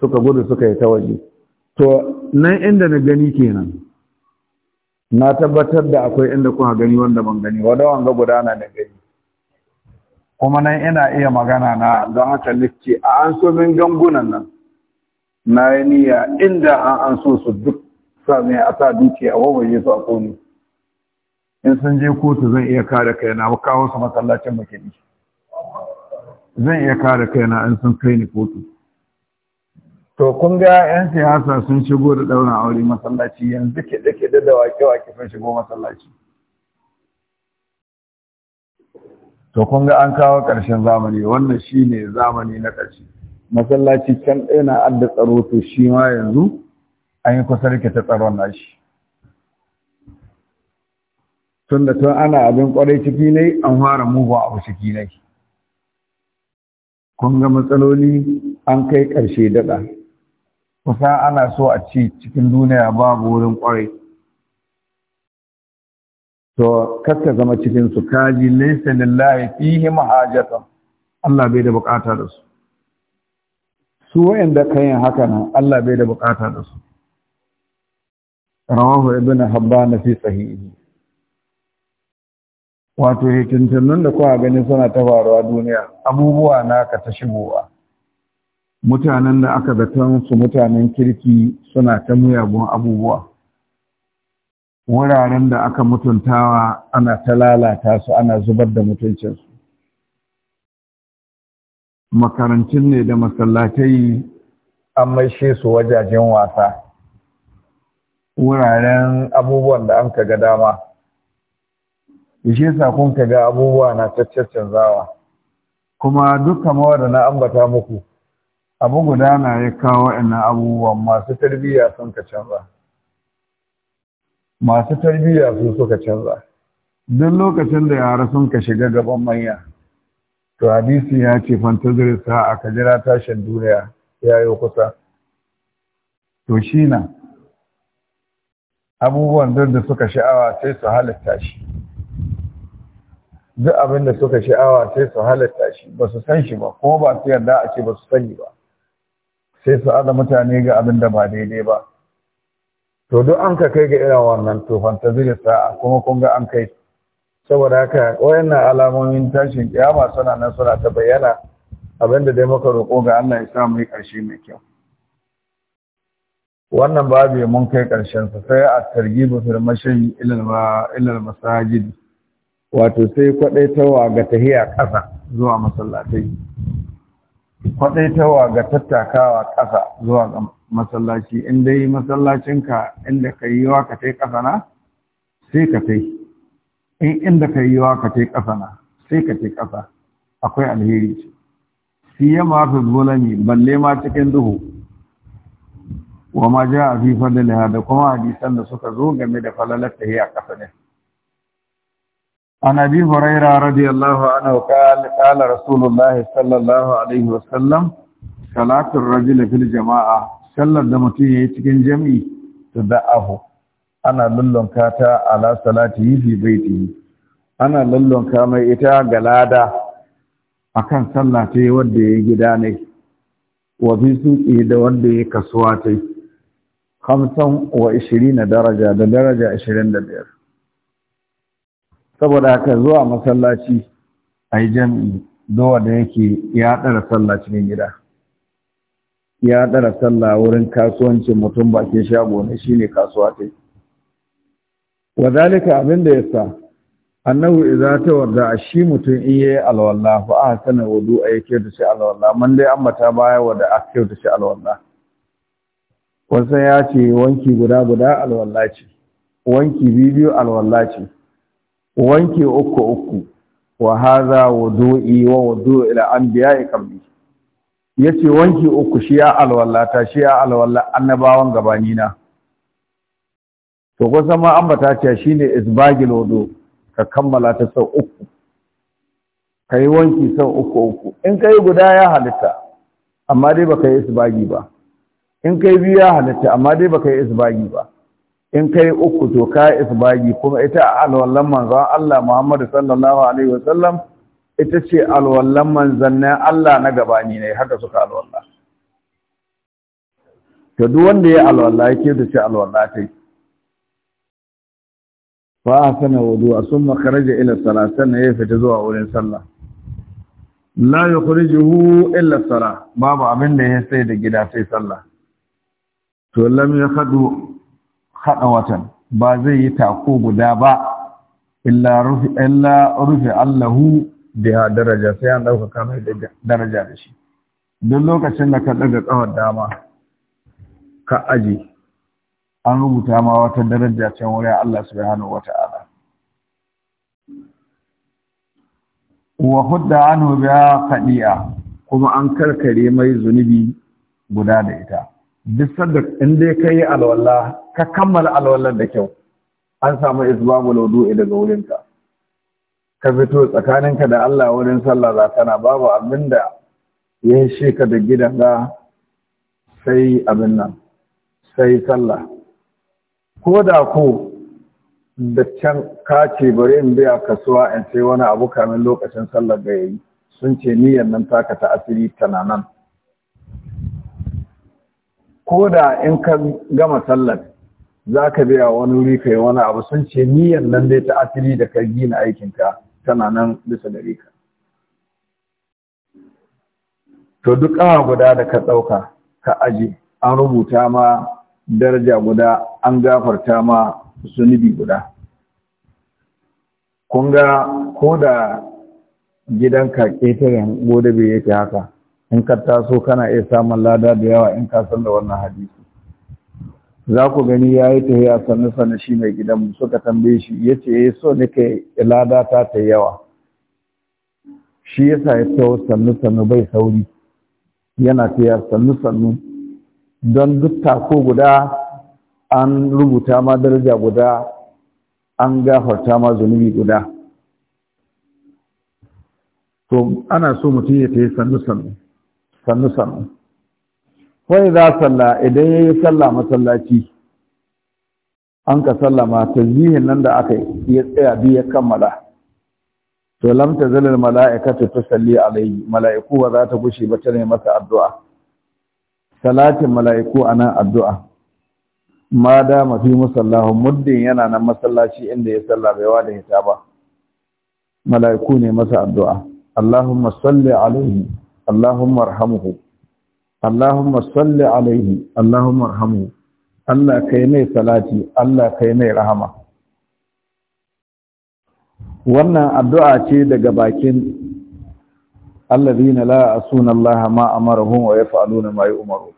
suka gudu suka yi ta waje to nan inda na gani kenan na tabbatar da akwai inda kuka gani wanda ban gani wanda wanga gudana da gani kuma nan ina iya magana na don haka nake a an so min gangunan nan na yi niyya inda an an so su duk sami a sa duke a yi su a kone in sun je kotu zan iya kare na ba kawo su masallacin makini zan iya kare na in sun kai ni kotu to kun ga 'yan siyasa sun shigo da daura aure masallaci yanzu da ke da wake-wake sun shigo masallaci to kun ga an kawo ƙarshen zamani wannan shi ne zamani na ƙarshe masallaci can ɗaya na adda tsaro to shi ma yanzu an yi kusa rike ta tsaron nashi tun da tun ana abin ƙwarai ciki ne an fara mugun abu ciki ne kun ga matsaloli an kai ƙarshe daɗa kusa ana so a ci cikin duniya babu wurin ƙwarai. to kakka zama cikin su kaji laisa lillahi fihi mahajatan Allah bai da bukata da su su wa'anda ka yin haka nan Allah bai da bukata da su rawahu ibn habban fi sahihi wato hitintunan da kuka gani suna ta faruwa duniya abubuwa naka ta shigowa mutanen da aka zaton su mutanen kirki suna ta muyagun abubuwa wuraren da aka mutuntawa ana ta lalata su ana zubar da mutuncinsu makarantun ne da masallatai an maishe su wajajen wasa wuraren abubuwan da an ga dama ishe sakon ka ga abubuwa na caccaccen zawa kuma duka mawada na ambata muku abu guda na ya kawo ina abubuwan masu tarbiyya sun ka canza masu tarbiyya su suka canza duk lokacin da yara sun ka shiga gaban manya to hadisi ya ce fantazir sa'a ka jira tashin duniya ya yi kusa to shi na abubuwan duk da suka sha'awa sai su halitta shi duk abin da suka sha'awa sai su halitta shi ba su san shi ba kuma ba su yarda a ce ba su sani ba sai su ada mutane ga abin da ba daidai ba to duk an ka kai ga irin wannan to fantazir sa'a kuma kun ga an kai saboda haka wayannan alamomin tashin kiyama suna nan suna ta bayyana abinda dai muka roƙo ga Allah ya sa mu yi ƙarshe mai kyau wannan babu mun kai ƙarshen sa sai a targibu fil mashi ilal masajid wato sai kwadaitawa ga tahiya ƙasa zuwa masallatai kwadaitawa ga tattakawa ƙasa zuwa ga masallaci in dai masallacinka inda ka yi wa ka tai ƙasa na sai ka tai in inda ka yiwa ka ce ƙasa na sai ka ce ƙasa akwai alheri ce ya ma fi zulami balle ma cikin duhu wa ma ja a da liha da kuma hadisan da suka zo game da falalar ta a ƙasa ne عن ابي radiyallahu رضي الله عنه قال قال رسول الله صلى الله عليه وسلم صلاه sallar da mutum ya yi cikin jami'i da da'ahu ana lullunka ta ala bai fi yi. ana lullunka mai ita ga lada akan sallah ta wanda ya gida ne wa fi suqi da wanda ya kasuwa ta khamsan wa daraja da daraja 25 saboda haka zuwa masallaci ai jami'i zuwa da yake ya dara sallah cikin gida ya dara sallah wurin kasuwancin mutum bakin shago ne shine kasuwa ta yi wa abin da yasa annahu idza tawadda shi mutum in yayi alwalla fa ahsana wudu'a yake da shi alwalla man dai ta baya wada ake da shi alwalla wasan ya ce wanki guda guda alwalla ce wanki biyu alwalla ce wanki uku uku wa hadha wudu'i wa wudu'u ila anbiya'i qabli yace wanki uku shi ya alwallata shi ya alwala, annabawan gabanina to kusan ma ambata ce shine isbagil wudu ka kammala ta sau uku ka yi wanki sau uku uku in ka yi guda ya halitta amma dai baka yi isbagi ba in kai biyu ya halitta amma dai baka yi isbagi ba in ka yi uku to ka yi isbagi kuma ita a alwallan manzon Allah Muhammadu sallallahu alaihi wa sallam. ita ce alwallan manzannin Allah na gabani ne haka suka alwalla to duk wanda ya alwallah yake da shi alwallah ta fa sana wudu'a sun kharaja ila salat na ya fita zuwa wurin sallah la yukhrijuhu illa salah babu abin da ya sai da gida sai sallah to lam yakhadu haɗa watan ba zai yi tako guda ba illa rufe illa rufi allahu daraja sai an dauka kamar daraja da shi duk lokacin da ka ɗaga kawar dama ka aji an rubuta ma wata daraja can wurin Allah subhanahu wa ta'ala wa hudda ya faɗi a, kuma an karkare mai zunubi guda da ita duk da inda dai kai alwala ka kammala alwalar da kyau an samu mu laudu daga wurinka ka fito tsakaninka da Allah wurin sallah zakana babu abinda ya shi ka da gidan sai abin nan sai sallah ko da ko da can ka ce bari in biya kasuwa in sai wani abu kamin lokacin sallar da yayi sun ce niyyar nan taka ta asiri tana nan ko da in ka gama sallar za ka biya wani wuri kai wani abu sun ce niyyar nan dai ta asiri da ka gina aikinka tana nan bisa gare ka to duk awa guda da ka ɗauka ka aji an rubuta ma daraja guda an gafarta ma zunubi guda kun ga ko da gidan gidanka ƙetaren gode bai yake haka in ka taso kana iya samun lada da yawa in ka san da wannan hadisi za ku gani ya yi tahiya sannu sannu shi mai gidanmu suka tambaye shi ya ce ya eh, so nake lada ta ta yawa shi ya sa ya taho sannu sannu bai sauri yana tahiya sannu sannu don duk tako guda an rubuta ma daraja guda an gafarta ma zunubi guda to ana so mutum ya tayi sannu sannu sannu wani za salla idan ya yi salla masallaci an ka sallama zihin nan da aka ya tsaya duk ya kammala to lam tazalil mala'ikatu tusalli alayhi mala'iku ba za ta gushe ba ta ne masa addu'a salatin mala'iku a nan addu'a ma da mafi musallahu muddin yana nan masallaci inda ya salla baiwa da hita ba mala'iku ne masa addu'a Allahumma salli alaihi Allahumma arhamuhu Allahumma salli alaihi Allahumma arhamuhu Allah kai mai salati Allah kai mai rahama wannan addu'a ce daga bakin alladhina la ya'suna Allah ma amarahum wa yaf'aluna ma yu'maru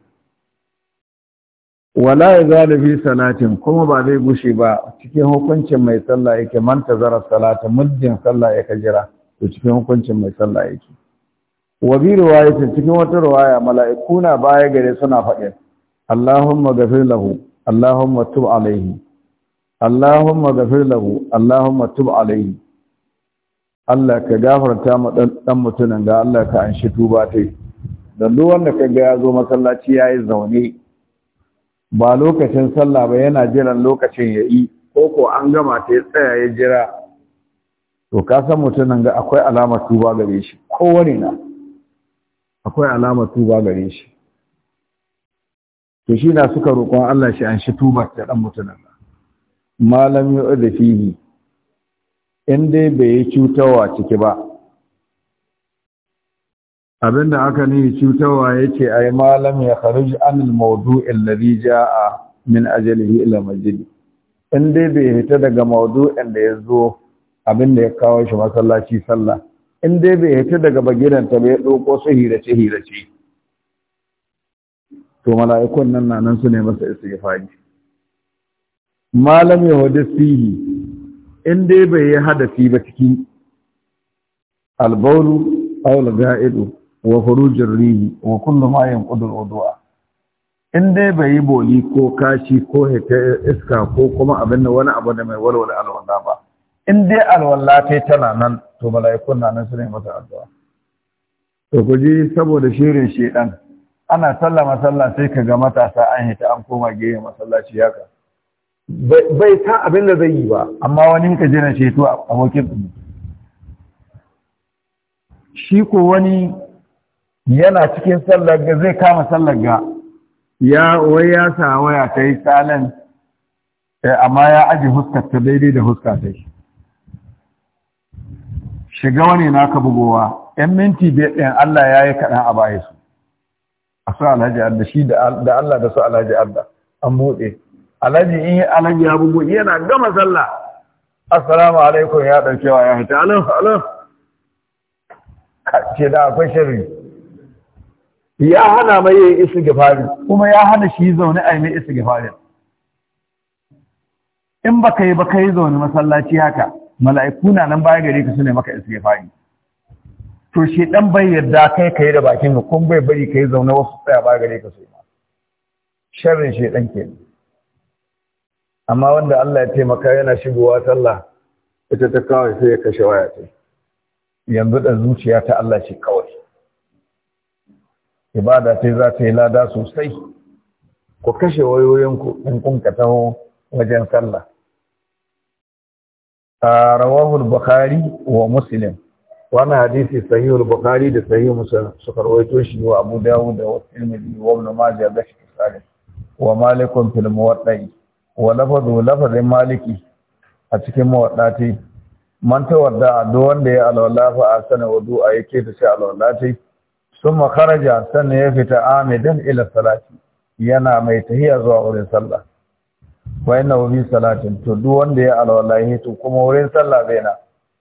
wala yazalu fi salatin kuma ba zai gushe ba cikin hukuncin mai sallah yake man tazara salata muddin sallah yake jira to cikin hukuncin mai sallah yake wa bi riwayatin cikin wata riwaya mala'ikuna baya gare suna faɗin Allahumma ghafir lahu Allahumma tub alaihi Allahumma ghafir lahu Allahumma tub alayhi. Allah ka gafarta ma dan mutunan ga Allah ka anshi tuba ta dan duk wanda ka ga ya zo masallaci yayi zaune ba lokacin sallah ba yana jiran lokacin yi ko ko an gama ta ya tsaya ya jira to ka san mutunan ga akwai alamar tuba gare shi kowane na akwai alamar tuba gare shi to shi na suka roƙon Allah shi an shi tuba ta dan mutunan malam yu'adhihi in dai bai yi cutarwa ciki ba Abin da aka nihi cutarwa ya ce ai malam ya kharuj an maudu ladhi jaa min ajalihi ila majidi in dai bai hita daga mawdu'in da ya zo abin da ya kawo shi masallaci sallah in dai bai hita daga bagiranta bai ɗoko su hirace hirace to mala'ikun nan nan su ne masa istighfari malam ya wadda in dai bai yi hadafi ba cikin albaulu aula ga'idu wa hurujin rihi wa kullum ayin ƙudur in dai bai yi boli ko kashi ko hita iska ko kuma abin da wani abu da mai walwala alwala ba in dai alwala ta tana nan to mala'ikun na nan su ne mata addu'a to ku ji saboda shirin shedan ana sallama sallah sai ka ga matasa an hita an koma gehe masallaci haka bai san abin da zai yi ba amma wani ka jira ceto a abokin ɗin shi ko wani yana cikin sallar ga zai kama sallar ga ya wai ya sa waya ta yi salen eh, amma ya aji huskar ta daidai da huska ta shi shiga wani na ka bugowa ‘yan minti biyar ɗin Allah ya yi kaɗan a baya su a su alhaji Allah shi da Allah da su alhaji Allah an buɗe alhaji in yi alhaji ya bugu yana gama sallah assalamu alaikum ya ɗauke wa ya hita alam alam ce da akwai shirin? ya hana mai yin gifari kuma ya hana shi zaune a yi mai gifari in baka yi baka yi zaune masallaci haka mala'iku na nan baya gari ka su ne maka gifari to shi dan bai yarda kai kai da bakin ka kun bai bari kai zaune wasu tsaya baya gari ka su ma shirin shi dan kenan amma wanda Allah ya taimaka yana shigowa sallah ita ta kawai sai ya kashe waya ce yanzu da zuciya ta Allah ce kawai ibada ce za ta yi lada sosai ku kashe wayoyinku in kun ka taho wajen sallah a rawahul bukhari wa muslim wani hadisi sahihul bukhari da sahih muslim suka rawaito shi wa abu dawud da wa tirmidhi wa ibn majah da shi wa malikun fil muwaddai wa lafazu lafazin maliki a cikin mawaɗati man tawadda a duk wanda ya alwala fa a wudu a yake ta shi alwalati sun makaraja sannan ya fita amidan ila salati yana mai tahiya zuwa wurin sallah wa na wurin salatin to duk wanda ya alwala ya to kuma wurin sallah zai na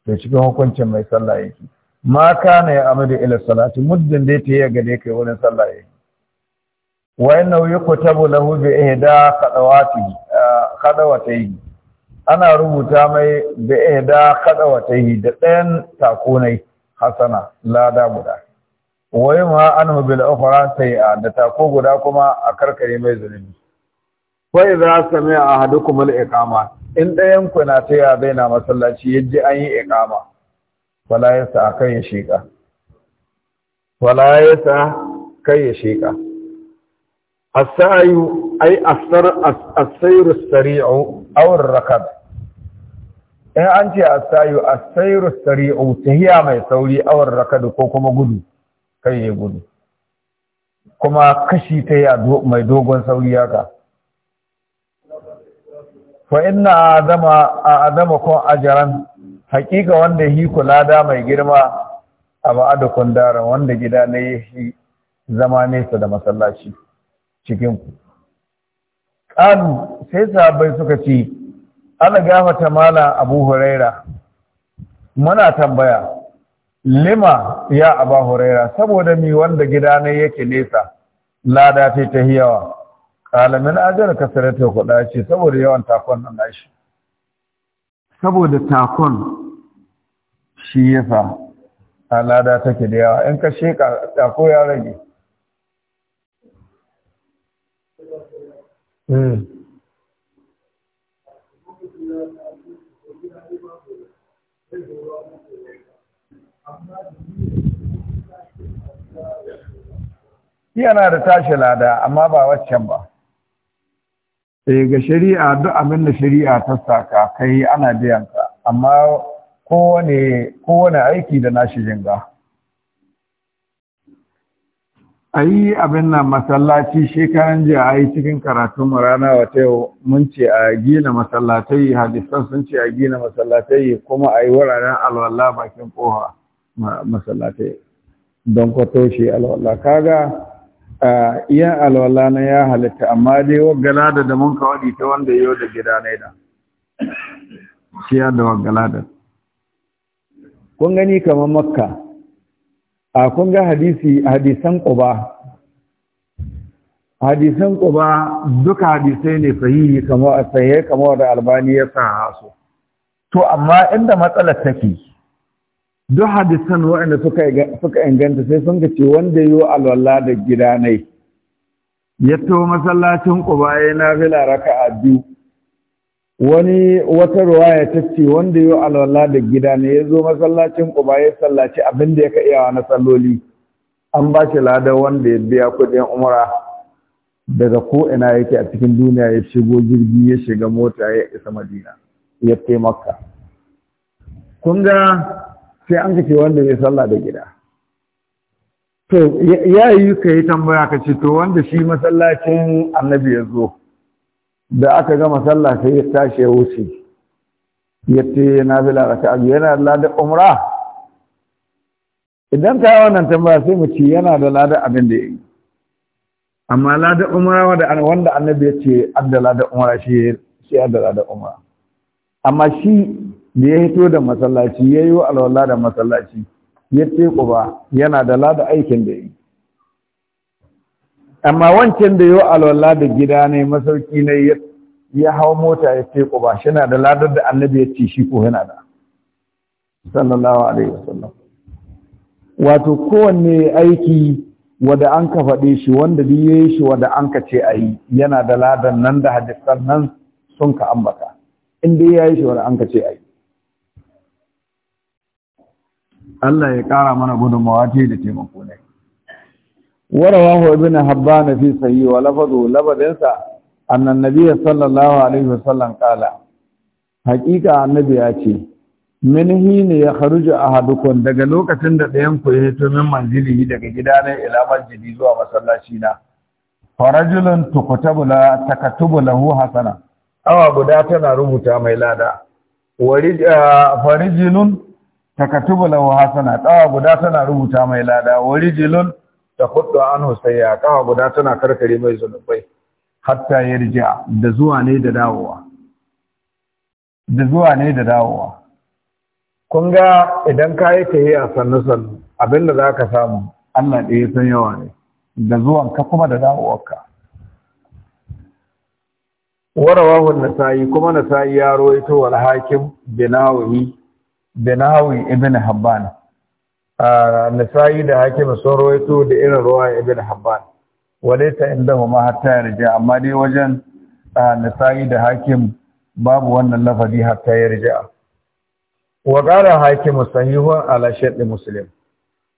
to cikin hukuncin mai sallah yake ma kana ya amida ila salati muddin dai ta yi ga dai kai wurin sallah yake wa innahu yuktabu lahu bi ihda qadawati qadawatayhi eh, ana rubuta mai bi ihda qadawatayhi da ɗayan takunai, hasana lada guda wa yuma anhu bil ukhra say'a da tako guda kuma a karkare mai zunubi fa idza sami'a ahadukum al iqama in ɗayan ku na taya bai na masallaci yaji an yi iqama wala yasa kai ya wala yasa kai ya السعي أي السر السير السريع أو الركض إن أنت السعي السير السريع تهيا ما يسولي أو الركض كوكما قدو كي يقدو كما كشي تهيا ما يدوغن سولياك فإن آدم آدم آدمكم أجرا حقيقة وانده هي كلادا ما يجرما أبا أدو كندار وانده جدا نيه زمانه سدى مسلاشي cikinku ƙalu sai sahabbai suka ce ana gafata mala abu huraira muna tambaya lima ya abu huraira saboda mi wanda gida ne yake nesa lada ta ta hiyawa ajiyar kasar ta kuɗa ce saboda yawan takon nan shi saboda takon shi yasa a lada take da yawa in ka sheka tako ya rage Hmm. yana da tashi lada amma ba waccan ba sai eh, ga shari'a duk abin da shari'a ta saka kai ana biyan ka amma kowane aiki da nashi jinga a yi abin nan masallaci shekaran jiya a yi cikin karatun rana wata yau mun ce a gina masallatai hadisan sun ce a gina masallatai kuma a yi wuraren alwallah bakin koha masallatai don kwato shi alwallah kaga iya alwala na ya halitta amma dai waggala da da mun kawadi ta wanda yau da gida na da shi da waggala da kun gani kamar makka a kun ga hadisi hadisan quba hadisan quba duka hadisai ne sahihi kamar sahihai kamar da albani ya sa hasu. to amma inda matsalar take duk hadisan wa'anda suka inganta sai sun ga ce wanda yi alwala da gida ne ya to masallacin quba yana fila raka'a biyu wani wata ruwaya ta ce wanda yi alwala da gida ne ya zo masallacin uba ya sallaci abin da ya ka iyawa na salloli an ba shi lada wanda ya biya kuɗin umara daga ko ina yake a cikin duniya ya shigo jirgi ya shiga mota ya isa madina ya kai makka kun ga sai an kace wanda ya salla da gida to ya yi ka yi tambaya ka ce to wanda shi masallacin annabi ya zo da aka gama sallah sai ya tashi ya wuce ya ce na bi laraka abu yana da ladar umra idan ta yi wannan tambaya sai mu ce yana da ladar abin da ya yi amma ladar umra wanda annabi ya ce adda ladar umra shi ya yi adda ladar umra amma shi da ya hito da masallaci ya yi wa alwala da masallaci ya ce ku ba yana da ladar aikin da ya yi amma wancan da yau alwala da gida ne masauki ne ya hau mota ya ce ba shi na da ladar da annabi ya ce shi ko yana da sallallahu alaihi wasallam wato kowanne aiki wanda an ka faɗe shi wanda duk yi shi wanda an ka ce ayi yana da ladan nan da hadisan nan sun ka ambata in dai yi shi wanda an ka ce ayi Allah ya ƙara mana gudunmawa ta da taimako ne warawahu ibn habban fi sahih wa lafadhu labadinsa anna nabiyyi sallallahu alaihi wasallam qala haqiqa annabi ya ce min ne ya kharuju ahadukum daga lokacin da ɗayan ku ya to min manzili daga gida na masjidi zuwa masallaci na farajulun tukutabu la takatubu lahu hasana awa guda tana rubuta mai lada farijilun takatubu lahu hasana awa guda tana rubuta mai lada warijilun ta hudu anhu sayya kawa guda tana karkare mai zunubai hatta rija da zuwa ne da dawowa da zuwa ne da dawowa kun ga idan ka yi a sannu sannu abinda za ka samu Allah ɗaya san yawa ne da zuwan ka kuma da ka. warawa warawahu nasa'i kuma nasa'i ya rawaito wal hakim binawi binawi ibn habbana nasa'i da hakim sun rawaito da irin ruwa ibn habban walaita indahu ma hatta yarja amma dai wajen nasa'i da hakim babu wannan lafazi hatta yarja wa qala hakim sahihun ala shart muslim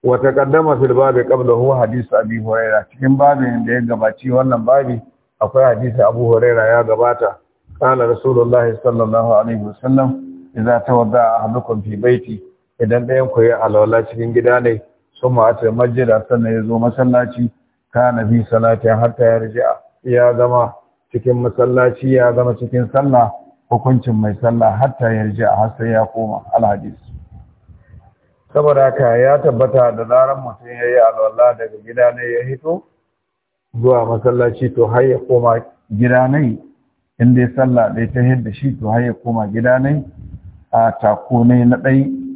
wa taqaddama fil babi qablahu hadith abi hurairah cikin babin da ya gabaci wannan babi akwai hadisi abu hurairah ya gabata qala rasulullahi sallallahu alaihi wasallam idza tawadda ahadukum fi baiti idan ɗayan ku ya alwala cikin gida ne sun ma'atar majida sannan ya zo masallaci ta bi salati har ta ya zama cikin masallaci ya zama cikin sallah hukuncin mai sallah hatta ya rija har sai ya koma alhadis saboda haka ya tabbata da zaran mutum ya yi alwala daga gida ne ya hito zuwa masallaci to har ya koma gida ne in dai sallah ɗaya ta yadda shi to har ya koma gida ne a tako na ɗai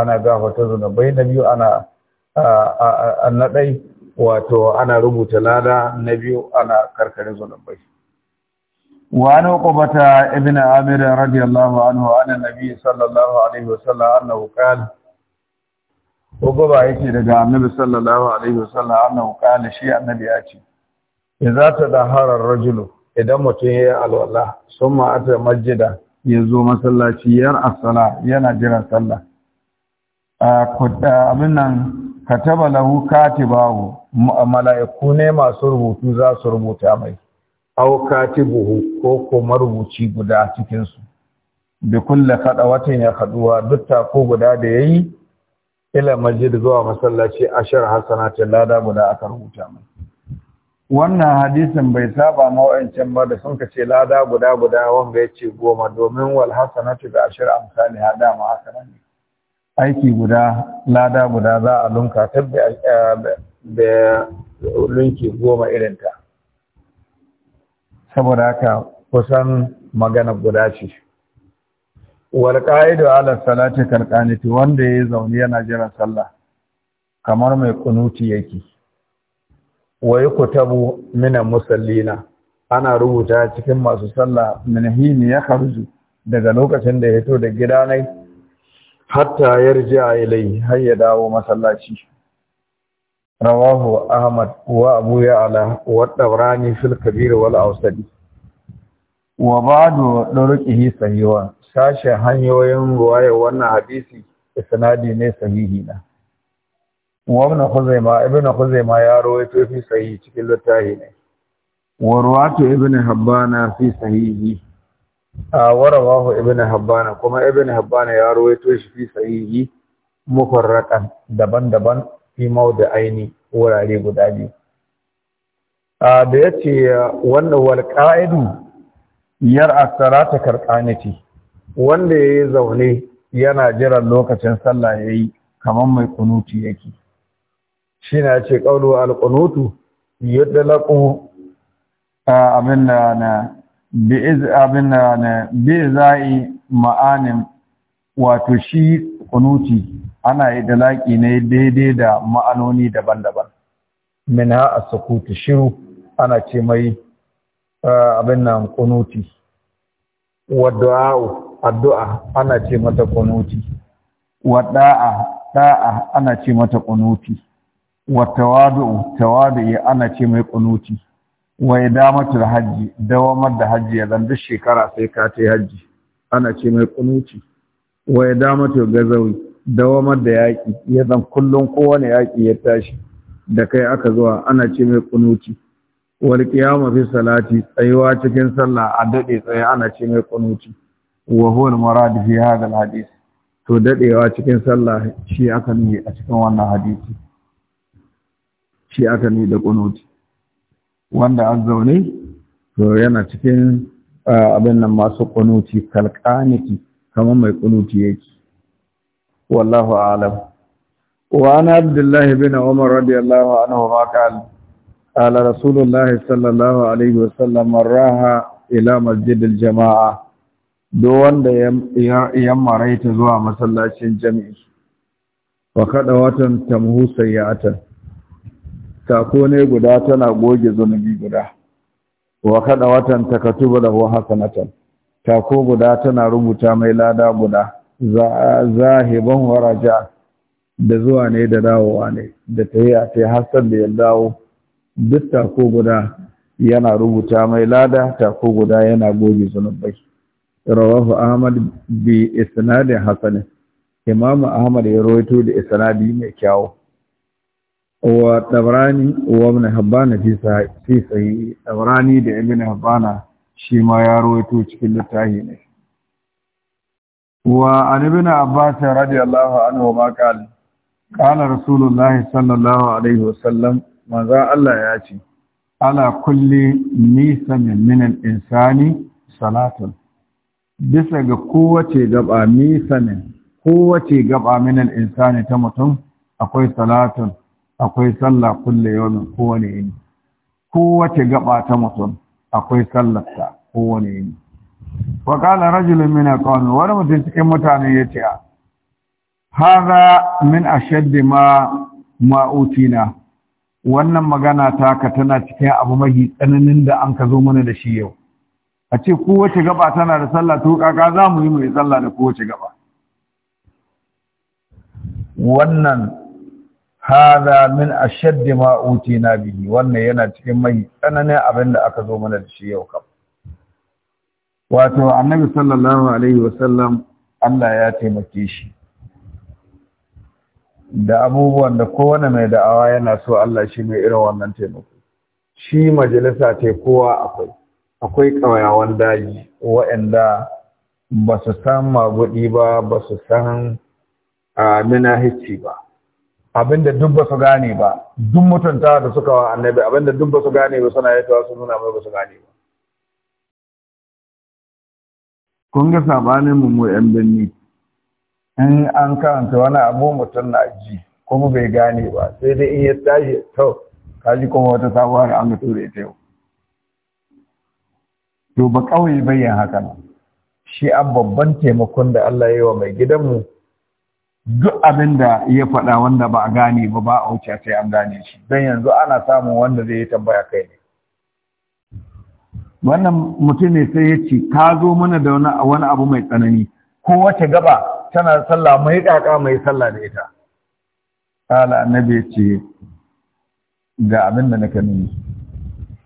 ana gafata zunubai na biyu ana a annadai wato ana rubuta lada na biyu ana karkare zunubai wa an qabata ibn amir radiyallahu anhu anna nabi sallallahu alaihi wasallam annahu qala ko goba yake daga annabi sallallahu alaihi wasallam annahu qala shi annabi ya ce idza tadahara ar-rajulu idan mutum ya alwala summa ata masjida yazo masallaci yar as yana jiran sallah abin nan taba lahu katibahu mala'iku ne masu rubutu za su rubuta mai au buhu ko kuma rubuci guda cikin su bi kaɗa watan ya kaduwa duk tako guda da ya yi. ila majid zuwa masallaci ashar ce lada guda aka rubuta mai wannan hadisin bai saba ma wa'ancan ba da sun ka ce lada guda guda wanga yace goma domin wal hasanatu da ashir amsali hada ma ne. aiki guda lada guda za a lunka ta da lunki goma irinta saboda haka kusan magana guda ce wal qa'idu ala salati kal qaniti wanda ya zaune yana jiran sallah kamar mai kunuti yake ku tabu mina musallina ana rubuta cikin masu sallah min hini ya daga lokacin da ya fito da gidanai hatta yarji'a ilai har ya dawo masallaci rawahu ahmad wa abu ya'la wa dawrani fil kabir wal awsadi wa ba'du duruqihi sahiwa hanyoyin ruwaya wannan hadisi isnadi ne sahihi na wa ibn khuzaima ibn khuzaima ya rawaito fi sahihi cikin littafi ne wa ruwatu ibn habbana fi sahihi a warawahu ibn habbana kuma ibn habbana ya rawaito shi fi sahihi mufarraqan daban-daban fi mawda aini wurare guda biyu a ya yace wannan wal yar asarata karqanati wanda yayi zaune yana jiran lokacin sallah yayi kamar mai kunuti yake shine yace qawlu alkunutu, kunutu yadlaqu a amanna na bi iz ma'anin wato shi kunuti ana yi da laƙi ne daidai da ma'anoni daban-daban min a sukutu shiru ana ce mai abin nan kunuti wadda addu'a ana ce mata kunuti wadda'a da'a ana ce mata kunuti wa tawadu tawadu ana ce mai kunuti wa idamatul hajji dawamar da hajji ya zan duk shekara sai ka ta hajji ana ce mai kunuci Wai idamatul gazawi dawamar da yaƙi ya zan kullum kowane yaƙi ya tashi da kai aka zuwa ana ce mai kunuci wal qiyama fi salati tsayuwa cikin sallah a dade tsaye ana ce mai kunuci wa huwa al murad fi hadha al hadith to dadewa cikin sallah shi aka nuni a cikin wannan hadisi shi aka nuni da kunuci wanda an zaune to yana cikin abin nan masu kunuti kalkaniki kamar mai kunuti yake wallahu alam wa ana abdullahi bin umar radiyallahu anhu ma qala qala rasulullahi sallallahu alaihi wa sallam! raha ila masjidil jama'a do wanda ya maraita zuwa masallacin jami'i wa kada watan tamhu sayyatan tako ne guda tana goge zunubi guda wa kada watan takatubu lahu hasanatan tako guda tana rubuta mai lada guda zahiban wa raja da zuwa ne da dawowa ne da a ta hasan da ya dawo duk tako guda yana rubuta mai lada tako guda yana goge zunubai rawahu ahmad bi isnadin hasan imamu ahmad ya rawaito da isnadi mai kyawu wa tabrani wa ibn habban fi sai sai tabrani da ibn habban shi ma ya rawaito cikin littafi ne wa an ibn abbas radiyallahu anhu ma qala qala sallallahu alaihi wasallam manzo Allah ya ce ala kulle nisamin min al-insani salatun bisa ga kowace gaba nisamin kowace gaba min al-insani ta mutum akwai salatun akwai sallah kulle yawon kowane yini kowace gaba ta mutum akwai sallarta kowane yini wa rajulun mina kawai wani mutum cikin mutane ya ce Haza min ashaddi ma ma'uti na wannan magana ta ka tana cikin abu mahi tsananin da an ka zo mana da shi yau a ce kowace gaba tana da sallah to kaka za mu yi mai sallah da kowace gaba wannan hada min ashaddi ma na bihi wannan yana cikin mai tsananin abin da aka zo mana da shi yau kam wato annabi sallallahu alaihi wasallam Allah ya taimake shi da abubuwan da kowane mai da'awa yana so Allah shi mai irin wannan taimako shi majalisa ce kowa akwai akwai ƙauyawan daji waɗanda ba su san magudi ba ba su san hicci ba abinda duk ba su gane ba duk mutunta da suka wa annabi abinda duk ba su gane ba suna yaitawa su nuna mai ba su gane ba kun ga sabanin mu mu yan birni. in an karanta wani abu mutum na ji kuma bai gane ba sai dai in ya tashi to kaji kuma wata sabuwar an ga tura ita yau to ba kawai bayan haka nan shi an babban taimakon da Allah ya yi wa mai gidanmu duk abin da ya faɗa wanda ba a gane ba ba a wuce sai an gane shi don yanzu ana samun wanda zai yi tambaya kai ne wannan mutum ne sai ya ce ka zo mana da wani abu mai tsanani ko wace gaba tana sallah mai ƙaƙa mai sallah da ita ala annabi ya ce ga abin da naka nuni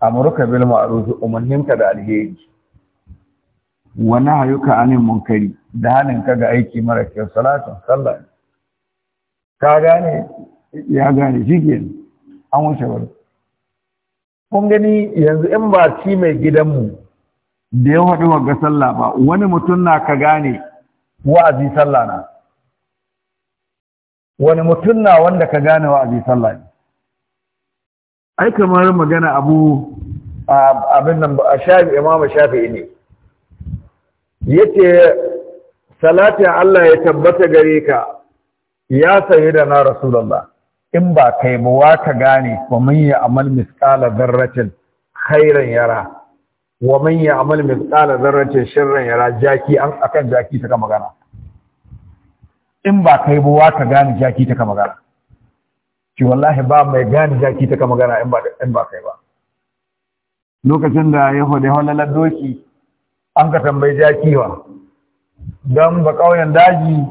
amurka bil ma'ruf umanninka da alheri wa nahyuka anil munkari da ka ga aiki mara kyau salatun sallah ka gane ya gane shi ke an wuce wani kun gani yanzu in ba ci mai gidanmu da ya haɗu wagga sallah ba wani mutum na ka gane wa'azi sallah na wani mutum na wanda ka gane wa'azi sallah ne ai kamar magana abu abin nan ba a shafi imama shafi ne yace salatin Allah ya tabbata gare ka ya sayi da na Rasulallah, in ba kai ba wa ka gane wa man ya amal misqala zarracin khairan yara wa man ya amal misqala zarracin shirin yara jaki an akan jaki ta magana in ba kai ba wa ka gane jaki ta magana ki wallahi ba mai gane jaki ta magana in ba in ba kai ba lokacin da ya hode halalar doki an ka tambayi jaki wa don ba ƙauyen daji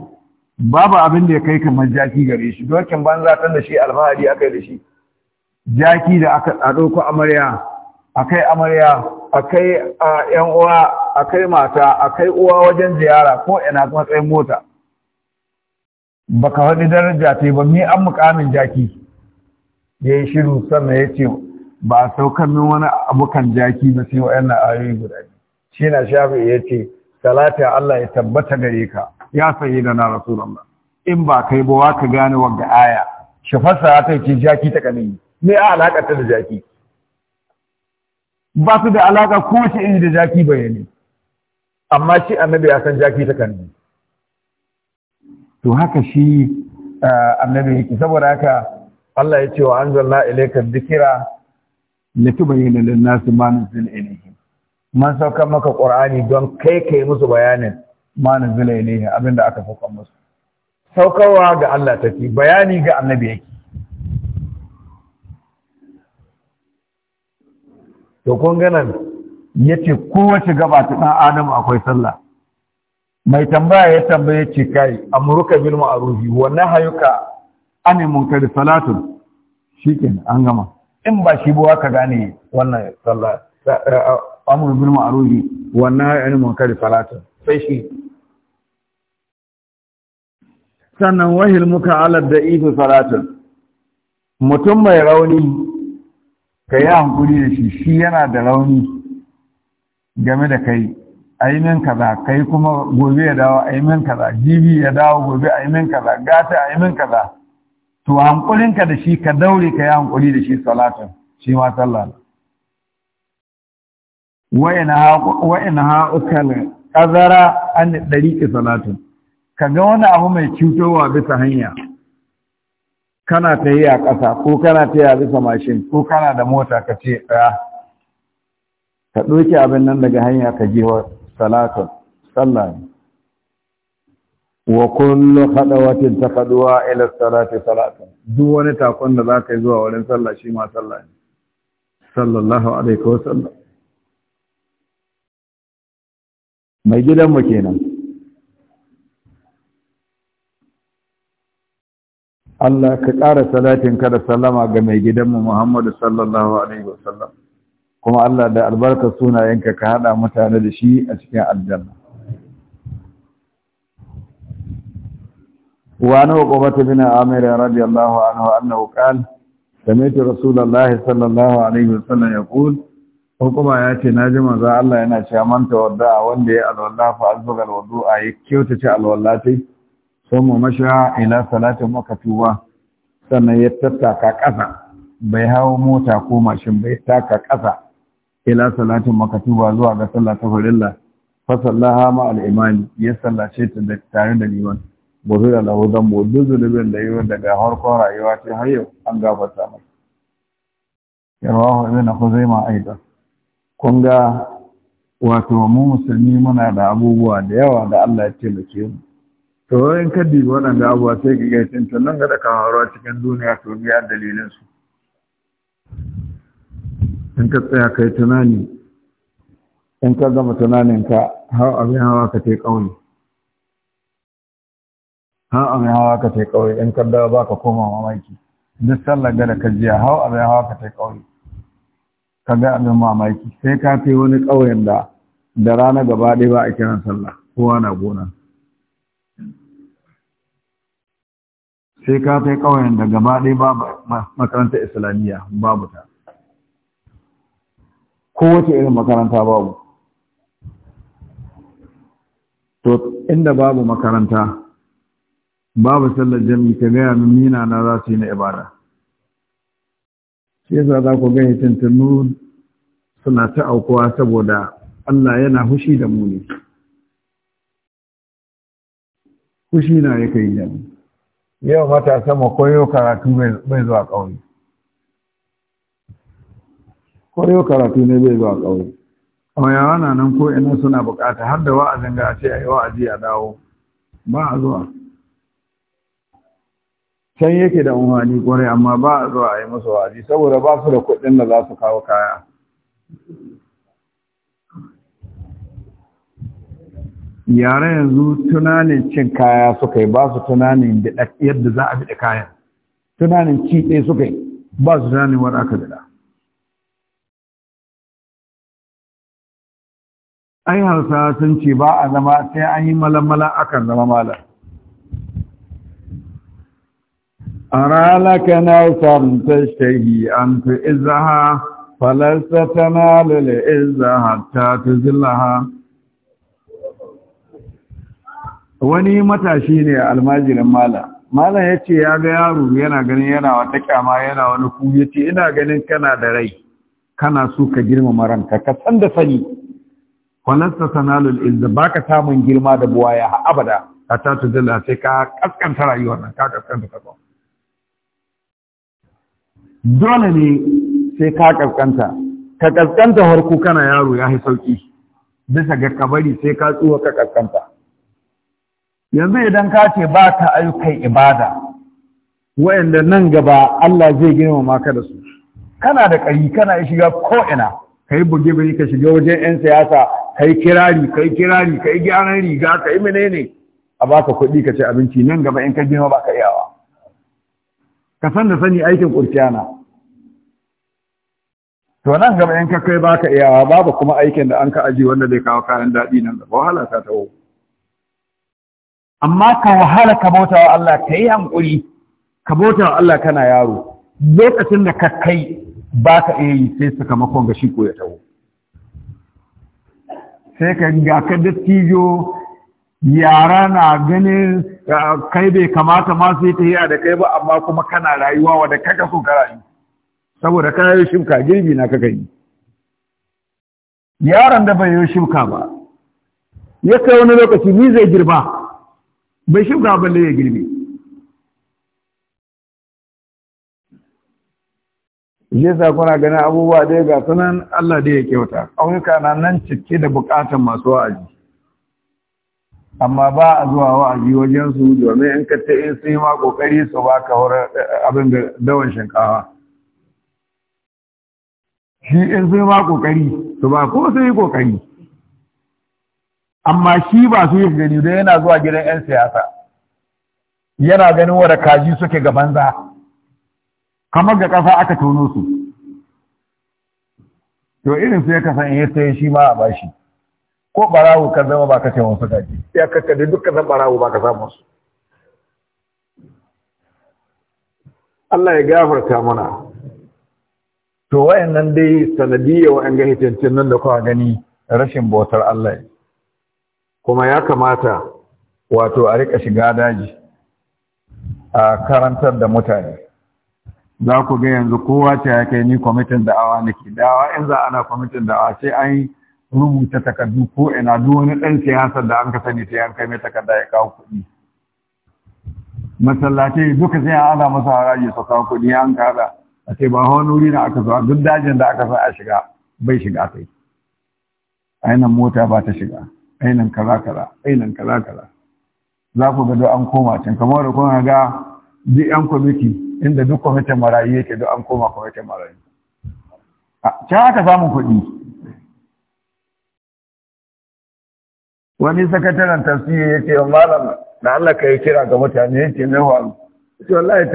babu abin da ya kai kamar jaki gare shi dokin banza tan da shi alfahari aka yi da shi jaki da aka tsado ko amarya akai amarya akai yan uwa akai mata akai uwa wajen ziyara ko ina matsayin mota baka wani daraja ta ba mi an mukamin jaki ya yi shiru sannan ya ce ba a saukar min wani abukan jaki ba sai na ayoyi guda shi na shafi ya ce salata Allah ya tabbata gare ka ya sayi da na rasulallah in ba kai ba wa ka gane wagga aya shafarsa ya ta ce jaki ta kanin me a alaƙa ta da jaki ba su da alaƙa ko shi in da jaki bayani amma shi annabi ya san jaki ta kanin to haka shi annabi yake saboda haka Allah ya ce wa anzalna ilayka dhikra litubayyana lin-nasi ma nuzila ilayhim man sauka maka qur'ani don kai kai musu bayanin ma nazila ne abinda aka sauka musu saukarwa ga Allah take bayani ga annabi yake to kun ya ce yace kowace gaba ta dan adam akwai sallah mai tambaya ya tambaye ce kai amruka bil ma'rufi wa nahyuka anil munkari salatun shikenan an gama in ba shi ba ka gane wannan sallah eh, eh, amru bil ma'rufi wa nahy anil munkari salatun sai shi sannan wahil muka alar da ifi salatin mutum mai rauni ka yi hankuli da shi shi yana da rauni game da kai aimin kaza kai kuma gobe ya dawo aimin kaza jibi ya dawo gobe aimin kaza gata aimin kaza to hankulinka da shi ka daure ka yi hankuli da shi salatin shi ma sallah wa'ina ha'ukal ƙazara an ɗariƙi salatin ka ga wani abu mai cutowa bisa hanya kana ta yi a ƙasa ko kana ta yi a bisa mashin ko kana da mota ka ce ɗaya ka ɗoke abin nan daga hanya ka ji wa salatun sallah wa kullu khadawatin taqaduwa ila salati salatun duk wani takon da zaka yi zuwa wurin sallah shi ma sallah ne sallallahu alaihi wa sallam mai mu kenan Allah ka ƙara salatin ka da salama ga mai gidanmu Muhammadu sallallahu Alaihi wasallam, kuma Allah da albarka sunayenka ka haɗa mutane da shi a cikin aljanna. Wani wa ƙwamata bin Amir radiyallahu anhu annahu qal sami Rasulullah sallallahu Alaihi wasallam ya kul, ko kuma ya ce, Na ji manzo Allah yana cewa manta wadda wanda ya alwallafa alzugar wadu'a ya kyautace alwallafi. sun mu masha ila salatin makatuwa sannan ya tattaka ƙasa bai hawo mota ko mashin bai taka ƙasa ila salatin makatuwa zuwa ga sallah ta farilla fa ma al imani ya sallace ta da tare da liman gozira lahu dhanbu da zulubin da yayi daga harkon rayuwa ce har yau an gafarta masa yarwahu ibn khuzaima aidan kun ga wato mu musulmi muna da abubuwa da yawa da Allah ya taimake mu to wayan kaddi waɗanda abuwa sai ga gaicin to nan ga da kawarwa cikin duniya to biya dalilin su in ka tsaya kai tunani in ka gama tunanin ka har abin hawa ka ce ƙauye har abin hawa ka ce kawai, in ka dawo baka koma mamaki duk sallar gada ka jiya har abin hawa ka ce kawai, ka ga abin mamaki sai ka fi wani ƙauyen da da rana gaba ɗaya ba a kiran sallah kowa na gona sai ka kai ƙauyen da gaba ɗaya babu makaranta islamiyya babu ta kowace irin makaranta babu to inda babu makaranta babu sallar jami'i ka gaya min mina na za su yi na ibada shi yasa za ku ga hitintunu suna ta aukuwa saboda Allah yana hushi da mu ne hushi na ya kai jami'i yau matasa ma koyo karatu bai zuwa ƙauri koyo karatu ne bai zuwa ƙauye ƙauyawa na nan ko ina suna bukata har da wa'azin ga ce a yi wa'azi a dawo ba a zuwa can yake da umarni kwarai amma ba a zuwa a yi musu wa'azi saboda ba su da kuɗin da za su kawo kaya yare yanzu tunanin cin kaya suka yi ba su tunanin yadda za a fiɗa kayan tunanin ci ɗaya suka yi ba su tunanin wani aka gada ai hausa sun ce ba a zama sai an yi malamala akan zama malam أرالك نوسا تشتهي Falasta ta فلست تنال izaha ta تزلها wani matashi ne almajirin mala malam ya ce ya ga yaro yana ganin yana wata kyama yana wani ku ce ina ganin kana da rai kana so ka girmama ranka ka san da sani walasta sanalul ba baka samun girma da buwaya a abada ka ta tudalla sai ka kaskanta rayuwar nan ka kaskanta ta dole ne sai ka kaskanta ka kaskanta harko kana yaro ya sauki bisa ga kabari sai ka tsuwa ka kaskanta yanzu idan ka ce ba ka ayyukan ibada wayanda nan gaba Allah zai gina girmama ka da su kana da ƙari kana shiga ko'ina ka yi buge-buge ka shiga wajen 'yan siyasa ka yi kirari ka yi kirari ka yi gyaran riga ka yi menene a baka kuɗi ka ci abinci nan gaba in ka gina ba ka iyawa ka san da sani aikin ƙurciyana to nan gaba in ka kai ba ka iyawa babu kuma aikin da an ka aji wanda zai kawo kayan daɗi nan gaba wahala ta taho amma ka wahala ka bauta wa Allah ka yi hankuri ka bauta wa Allah kana yaro lokacin da ka kai ba ka iya yi sai sakamakon ga ko ya taho sai ka ga ka dattijo yara na ganin kai bai kamata ma ta yi a da kai ba amma kuma kana rayuwa wadda kaka so ka rayu saboda ka yi shimka girbi na kaka yi yaron da bai yi shimka ba ya kai wani lokaci ni zai girba bai shuka balle ya girbe je sa kuna ganin abubuwa dai ga sunan Allah da ya kyauta ƙauyuka na nan cike da buƙatan masu wa'azi amma ba a zuwa wa'azi wajen su domin in ka ta in sun yi ma ƙoƙari su ba ka eh, abin da dawan shinkawa shi in sun yi ma ƙoƙari su ba ko su yi ƙoƙari amma shi ba su yi gani don yana zuwa gidan 'yan siyasa yana ganin wadda kaji suke ga banza kamar ga ƙasa aka tono su to irin su ya kasan ya shi ma a bashi ko barawo kan zama ba ka ce wasu kaji ya da duk zan barawo ba ka samu su Allah ya gafarta mana to wayannan dai sanadiyya wa'an ga hitancin nan da kuka gani rashin bautar Allah ya kuma ya kamata wato a rika shiga daji a karantar da mutane za ku ga yanzu kowa ce ya kai ni kwamitin da'awa nake da'awa in za ana kwamitin da'awa sai an rubuta takardu ko ina duk wani ɗan siyasar da an ka sani sai an kai mai takarda ya kawo kuɗi masallatai duka sai an ana masa haraji su kawo kuɗi an kada a ce ba hawan wuri na aka zuwa duk dajin da aka sa a shiga bai shiga sai ainihin mota ba ta shiga ainihin kaza kaza ainihin kaza kaza za ku gado an koma can kamar da kuma ga duk yan kwamiti inda duk kwamitin marayu yake duk an koma kwamitin marayu can aka samun kuɗi wani sakataren tafsiri ya ce malam da Allah ka yi kira ga mutane ya ce mai wa'azu ce wallahi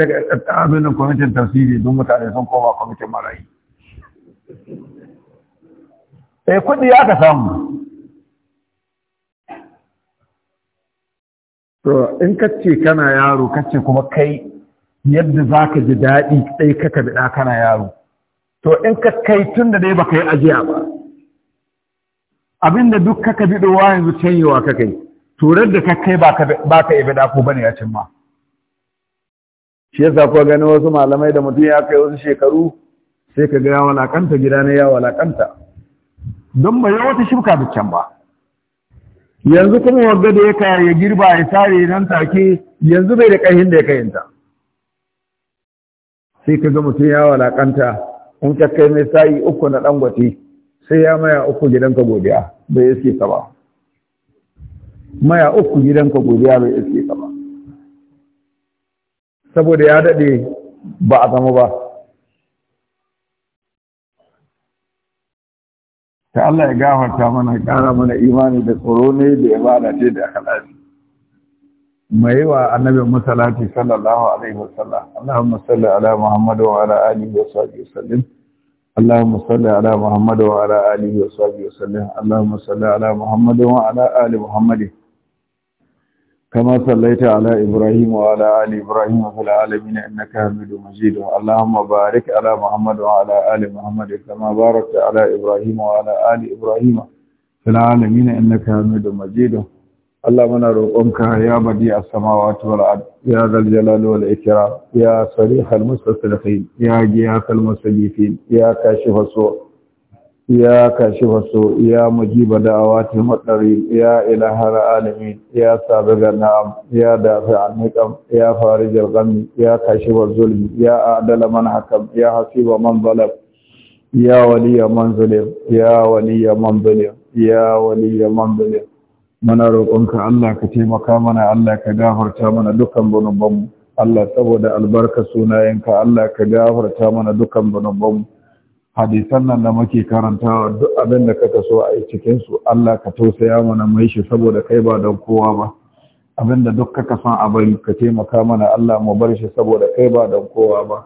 ta abin da kwamitin tafsiri don mutane sun koma kwamitin marayu eh kuɗi ya ka samu to in kace kana yaro kace kuma kai yadda za ka ji daɗi ɗai ka ka biɗa kana yaro to in ka kai tun da dai ba ka yi ajiya ba abinda duk kaka ka biɗowa yanzu canyewa ka turar da ka kai ba ka yi biɗa ko bane ya cimma shi yasa ko gani wasu malamai da mutum ya kai wasu shekaru sai ka ga ya walakanta gida ne ya walakanta don bai wata shibka da can ba yanzu kuma wadda da ya kaya ya girba ya sare nan take yanzu bai da ƙarfin da ya kayanta sai ka ga mutum ya walakanta in ka kai mai sayi uku na dangote sai ya maya uku gidanka godiya bai iske ka ba maya uku gidanka godiya bai iske ka ba saboda ya daɗe ba a zama ba ta Allah ya gafarta mana ƙara mana imani da tsoro ne da ibada ce da akhlasi mai wa annabi musallati sallallahu alaihi wasallam Allahumma salli ala Muhammad wa ala alihi wa sahbihi wasallim اللهم صل على محمد وعلى اله وصحبه وسلم salli ala على wa ala Ali, محمد كما صليت على إبراهيم وعلى آل إبراهيم في العالمين إنك حميد مجيد اللهم بارك على محمد وعلى آل محمد كما باركت على إبراهيم وعلى آل إبراهيم في العالمين إنك حميد مجيد اللهم نرقمك يا بديع السماوات والأرض يا ذا الجلال والإكرام يا صريح المستصرخين يا جياث المستجيفين يا كاشف السوء يا كاشف السوء يا مجيب دعوات المضطرين يا إله العالمين يا سابق النعم يا دافع النقم يا فارج الغم يا كاشف الظلم يا أعدل من حكم يا حسيب من ظلم يا ولي من ظلم يا ولي من ظلم يا ولي من ظلم من روقك الله كتيمك من الله كغفرت تامنا دكم بنبم الله تبود البركة sunayenka الله ka تامنا دكم بنبم mu. hadisan nan da muke karantawa duk abin da kaka so a yi cikin su Allah ka tausaya mana mai shi saboda kai ba don kowa ba abin da duk kaka son a bari ka taimaka mana Allah mu bar shi saboda kai ba don kowa ba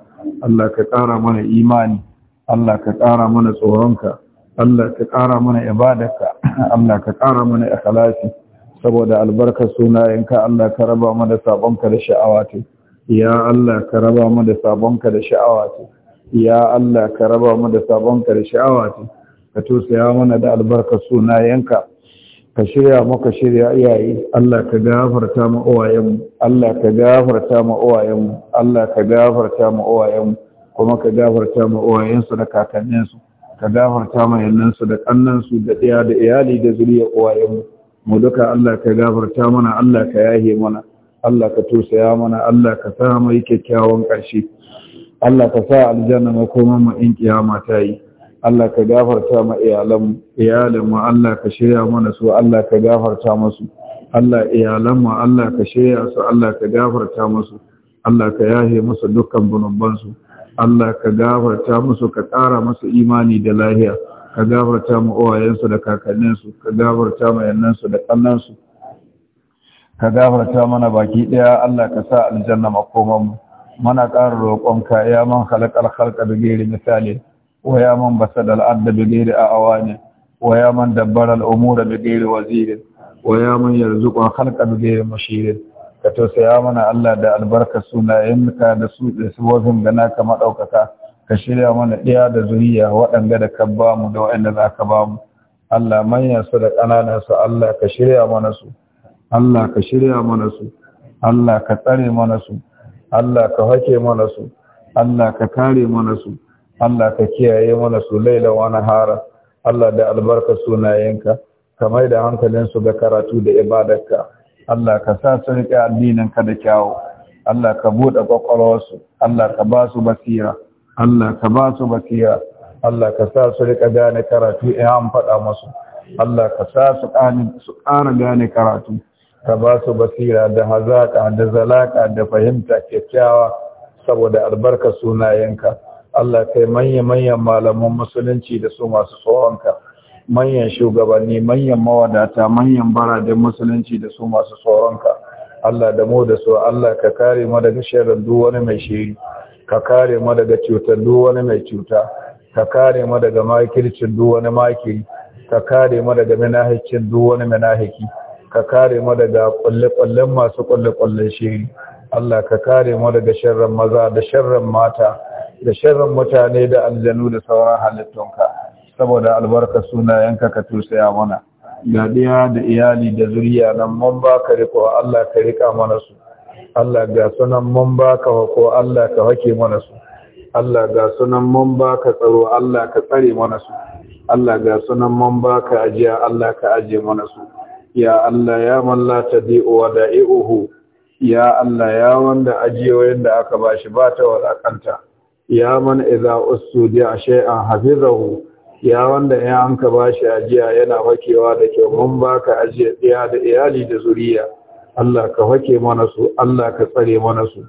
Allah ka ƙara mana imani Allah ka ƙara mana tsoronka Allah ka ƙara mana ibadarka <clears throat> Allah ka ƙara mana ikhlasi saboda albarkar sunayenka Allah ka raba mu da sabonka da sha'awa ya Allah ka raba mu da sabonka da sha'awa ya Allah ka raba mu da sabon karshe awati ka tosaya mana da albarka suna yanka. ka shirya ka shirya iyaye Allah ka gafarta mu uwayenmu Allah ka gafarta mu uwayenmu Allah ka gafarta mu uwayenmu kuma ka gafarta mu uwayensu da kakanninsu ka gafarta mu yannansu da kannansu da ɗaya da iyali da zuriya uwayenmu mu duka Allah ka gafarta mana Allah ka yahe mana Allah ka tosaya mana Allah ka sa mai kyakkyawan ƙarshe Allah ka sa aljanna koma ma in kiyama ta yi Allah ka gafarta ma iyalan iyalan mu Allah ka shirya mana su Allah ka gafarta musu Allah iyalan mu Allah ka shirya su Allah ka gafarta musu Allah ka yahe musu dukkan bunubban su Allah ka gafarta musu ka ƙara musu imani da lahiya ka gafarta mu su da kakanninsu ka gafarta mu yannansu da su ka gafarta mana baki daya Allah ka sa aljanna makoman mu muna ƙara roƙonka ya man halakar halka da gere misali wa ya man basa da al'adda da gere a ne, wa ya man dabbar al'umura da gere wazirin wa ya man yarzuƙon halka da gere mashirin ka tausaya mana Allah da albarka suna, sunayenka da su da wazin da ka maɗaukaka ka shirya mana ɗiya da zuriya waɗanda da ka ba mu da waɗanda za ka ba mu Allah manyan su da ƙananan su Allah ka shirya mana su Allah ka shirya mana su Allah ka tsare mana su Allah ka hake mana su Allah ka kare mana su Allah ka kiyaye mana su laila wa nahara Allah da albarka sunayenka ka mai da hankalin su ga karatu da ibadarka Allah ka sa su riƙe addinin ka da kyawu Allah ka buɗe kwakwalwarsu Allah ka ba su basira Allah ka ba su basira Allah ka sa su rika gane karatu in an faɗa musu Allah ka sa su ƙara gane karatu ka ba su basira da hazaƙa da zalaƙa da fahimta kyakkyawa saboda albarka sunayenka Allah kai manya-manyan malaman musulunci da su masu tsohonka manyan shugabanni manyan mawadata manyan da musulunci da su masu tsoronka. Allah da mu da su Allah ka kare mu daga sharrin duk wani mai shiri ka kare mu daga cutar duk wani mai cuta ka kare mu daga makircin duk wani makiri ka kare mu daga minahicin duk wani minahiki ka kare mu daga kwalle-kwallen masu kwalle-kwallen shi. Allah ka kare mu daga sharran maza da sharran mata da sharran mutane da aljanu da sauran halittunka saboda albarka sunayenka ka tusaya mana gadiya da iyali da zuriya nan mun baka riko Allah ka rika mana su Allah ga sunan mun baka hako Allah ka hake mana su Allah ga sunan mun baka tsaro Allah ka tsare mana su Allah ga sunan mun baka ajiya Allah ka aje mana su ya Allah ya man la tadi'u wada'i'uhu ya Allah ya wanda ajiyoyin da aka bashi ba ta wadakanta ya man idza ustudiya shay'an hafizahu ya wanda ya anka bashi ajiya yana wakewa da kyau mun baka ajiya ɗaya da iyali da zuriya Allah ka wake mana su Allah ka tsare mana su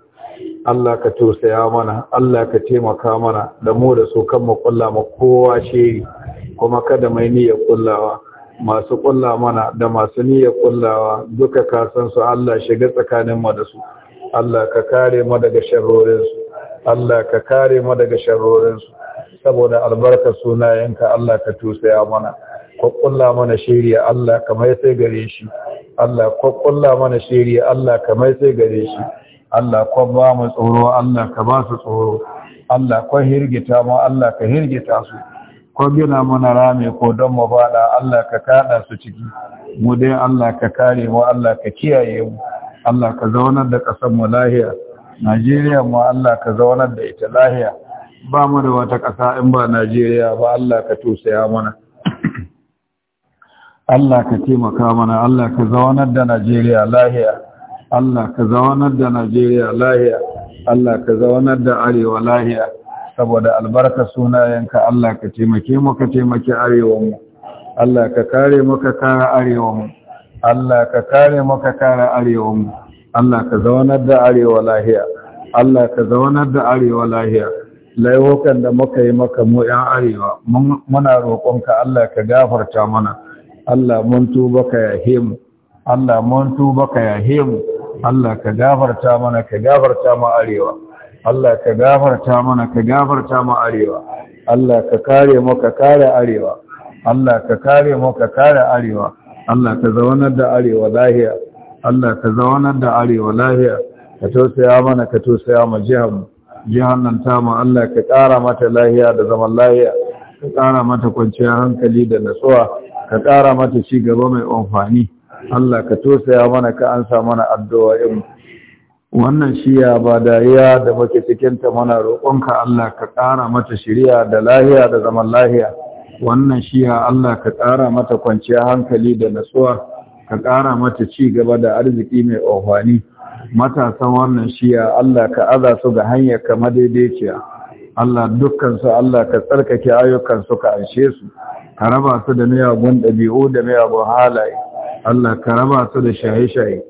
Allah ka tausaya mana Allah ka taimaka mana da mu da su kan mu kulla mu kowa shiri kuma kada mai niyyar kullawa masu ƙulla mana da masu niyyar kullawa duka kasan su Allah shiga tsakanin mu da su Allah ka kare mu daga sharorinsu. Allah ka kare mu daga sharorinsu. saboda albarkar sunayenka Allah ka tusaya mana kwakkulla mana shirya Allah kamar sai gare shi Allah kwakkulla mana shirya Allah kamar sai gare shi Allah kwa ba mu tsoro Allah ka ba su tsoro Allah kwa hirgita mu Allah ka hirgita su ko gina muna rami ko don mu bada, Allah ka kada su ciki mu dai Allah ka kare mu Allah ka kiyaye mu Allah ka zaunar da ƙasar mu lahiya Najeriya mu Allah ka zaunar da ita lahiya ba mu da wata ƙasa in ba Najeriya ba Allah ka tusaya mana Allah ka taimaka mana Allah ka zaunar da Najeriya lahiya Allah ka zaunar da Najeriya lahiya Allah ka zaunar da Arewa lahiya saboda albarka sunayenka Allah ka taimake mu ka taimake mu. Allah ka kare mu ka kare mu. Allah ka kare mu ka kare mu. Allah ka zaunar da arewa lahiya Allah ka zaunar da arewa lahiya laiwokan da muka yi maka mu yan arewa muna roƙonka Allah ka gafarta mana Allah mun tuba ka yahe mu Allah mun tuba ka yahe mu Allah ka gafarta mana ka gafarta mu arewa Allah ka gafarta mana ka gafarta mu arewa Allah ka kare mu ka kare arewa Allah ka kare mu ka kare arewa Allah ka zaunar da arewa lahiya Allah ka zaunar da arewa lahiya ka tausaya mana ka tausaya mu jihar mu jihar nan ta mu Allah ka kara mata lahiya da zaman lahiya ka kara mata kwanciyar hankali da natsuwa ka kara mata ci gaba mai amfani Allah ka tausaya mana ka ansa mana addu'a mu wannan shiya ba dariya da muke cikinta muna roƙonka Allah ka ƙara mata shirya da lahiya da zaman lahiya wannan shiya Allah ka ƙara mata kwanciyar hankali da natsuwa ka ƙara mata ci gaba da arziki mai ofani matasan wannan shiya Allah ka aza su ga hanyar ka madaidaiciya Allah dukkan su Allah ka tsarkake su ka anshe su ka raba su da miyagun ɗabi'u da miyagun halaye Allah ka raba su da shaye-shaye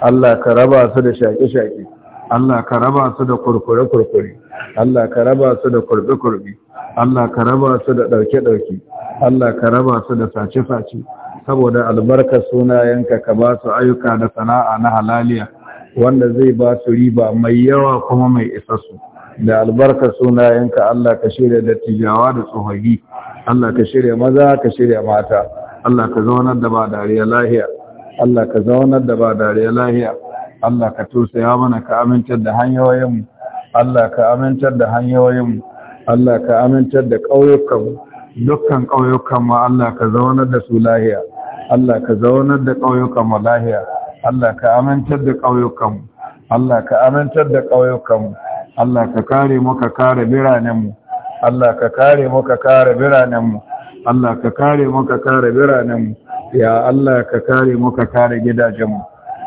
Allah ka raba su da shaƙe-shaƙe Allah ka raba su da kurkure-kurkure Allah ka raba su da kurbe-kurbe Allah ka raba su da ɗauke-ɗauke Allah ka raba su da sace-sace saboda albarka sunayenka ka ba su ayyuka da sana'a na halaliya wanda zai ba su riba mai yawa kuma mai isassu da albarka sunayenka Allah ka shirya dattijawa da tsohagi Allah ka shirya maza ka shirya mata Allah ka zaunar da ba dariya lahiya Allah ka zaunar da ba dariya lahiya Allah ka tusaya mana ka amintar da hanyoyinmu Allah ka amintar da hanyoyinmu Allah ka amintar da ƙauyukanmu dukkan ƙauyukan ma Allah ka zaunar da su lahiya Allah ka zaunar da ƙauyukan lahiya Allah ka amintar da ƙauyukanmu Allah ka amintar da ƙauyukanmu Allah ka kare mu ka kare biranenmu Allah ka kare mu ka kare biranenmu Allah ka kare mu ka kare biranenmu ya Allah ka kare mu ka kare gidajenmu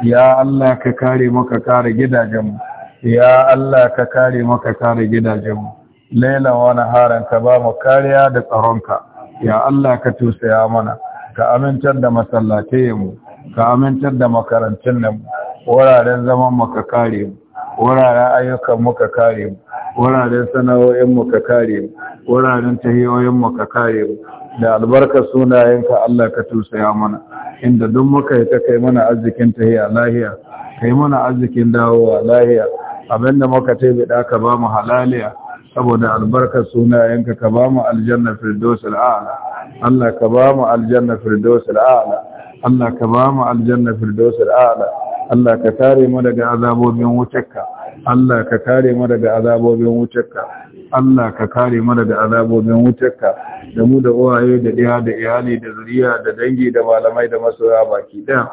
ya Allah ka kare mu ka kare gidajenmu ya Allah ka kare mu ka kare gidajenmu laila wa naharan ka ba mu kariya da tsaronka ya Allah ka tusaya mana ka amintar da masallatayenmu ka amintar da makarantun nan wuraren zaman mu ka kare mu wuraren ayyukan mu ka kare mu wuraren sana'o'in mu ka kare mu wuraren tahiyoyin mu ka kare mu da albarka sunayenka Allah ka tusaya mana inda duk muka yi ta kai mana arzikin a lahiya kai mana arzikin dawowa lahiya abinda muka da ka ba mu halaliya saboda albarkar sunayenka ka ba mu aljanna firdausul a'la Allah ka ba mu aljanna firdausul a'la Allah ka ba mu aljanna firdausul a'la Allah ka kare mu daga azabobin wutarka Allah ka kare mu daga azabobin wutarka Allah ka kare mu daga azabobin wutarka da mu da uwaye da ɗaya da iyali da zuriya da dangi da malamai da masoya baki ɗaya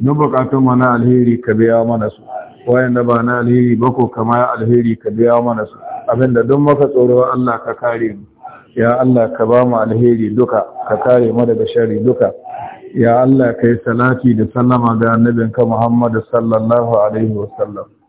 na bukatun mana alheri ka biya mana su wayanda ba na alheri ba ko kama alheri ka biya mana su abinda don maka tsoro Allah ka kare mu ya Allah ka ba mu alheri duka ka kare mu daga sharri duka ya Allah kai salati da sallama ga annabinka Muhammad sallallahu alaihi wasallam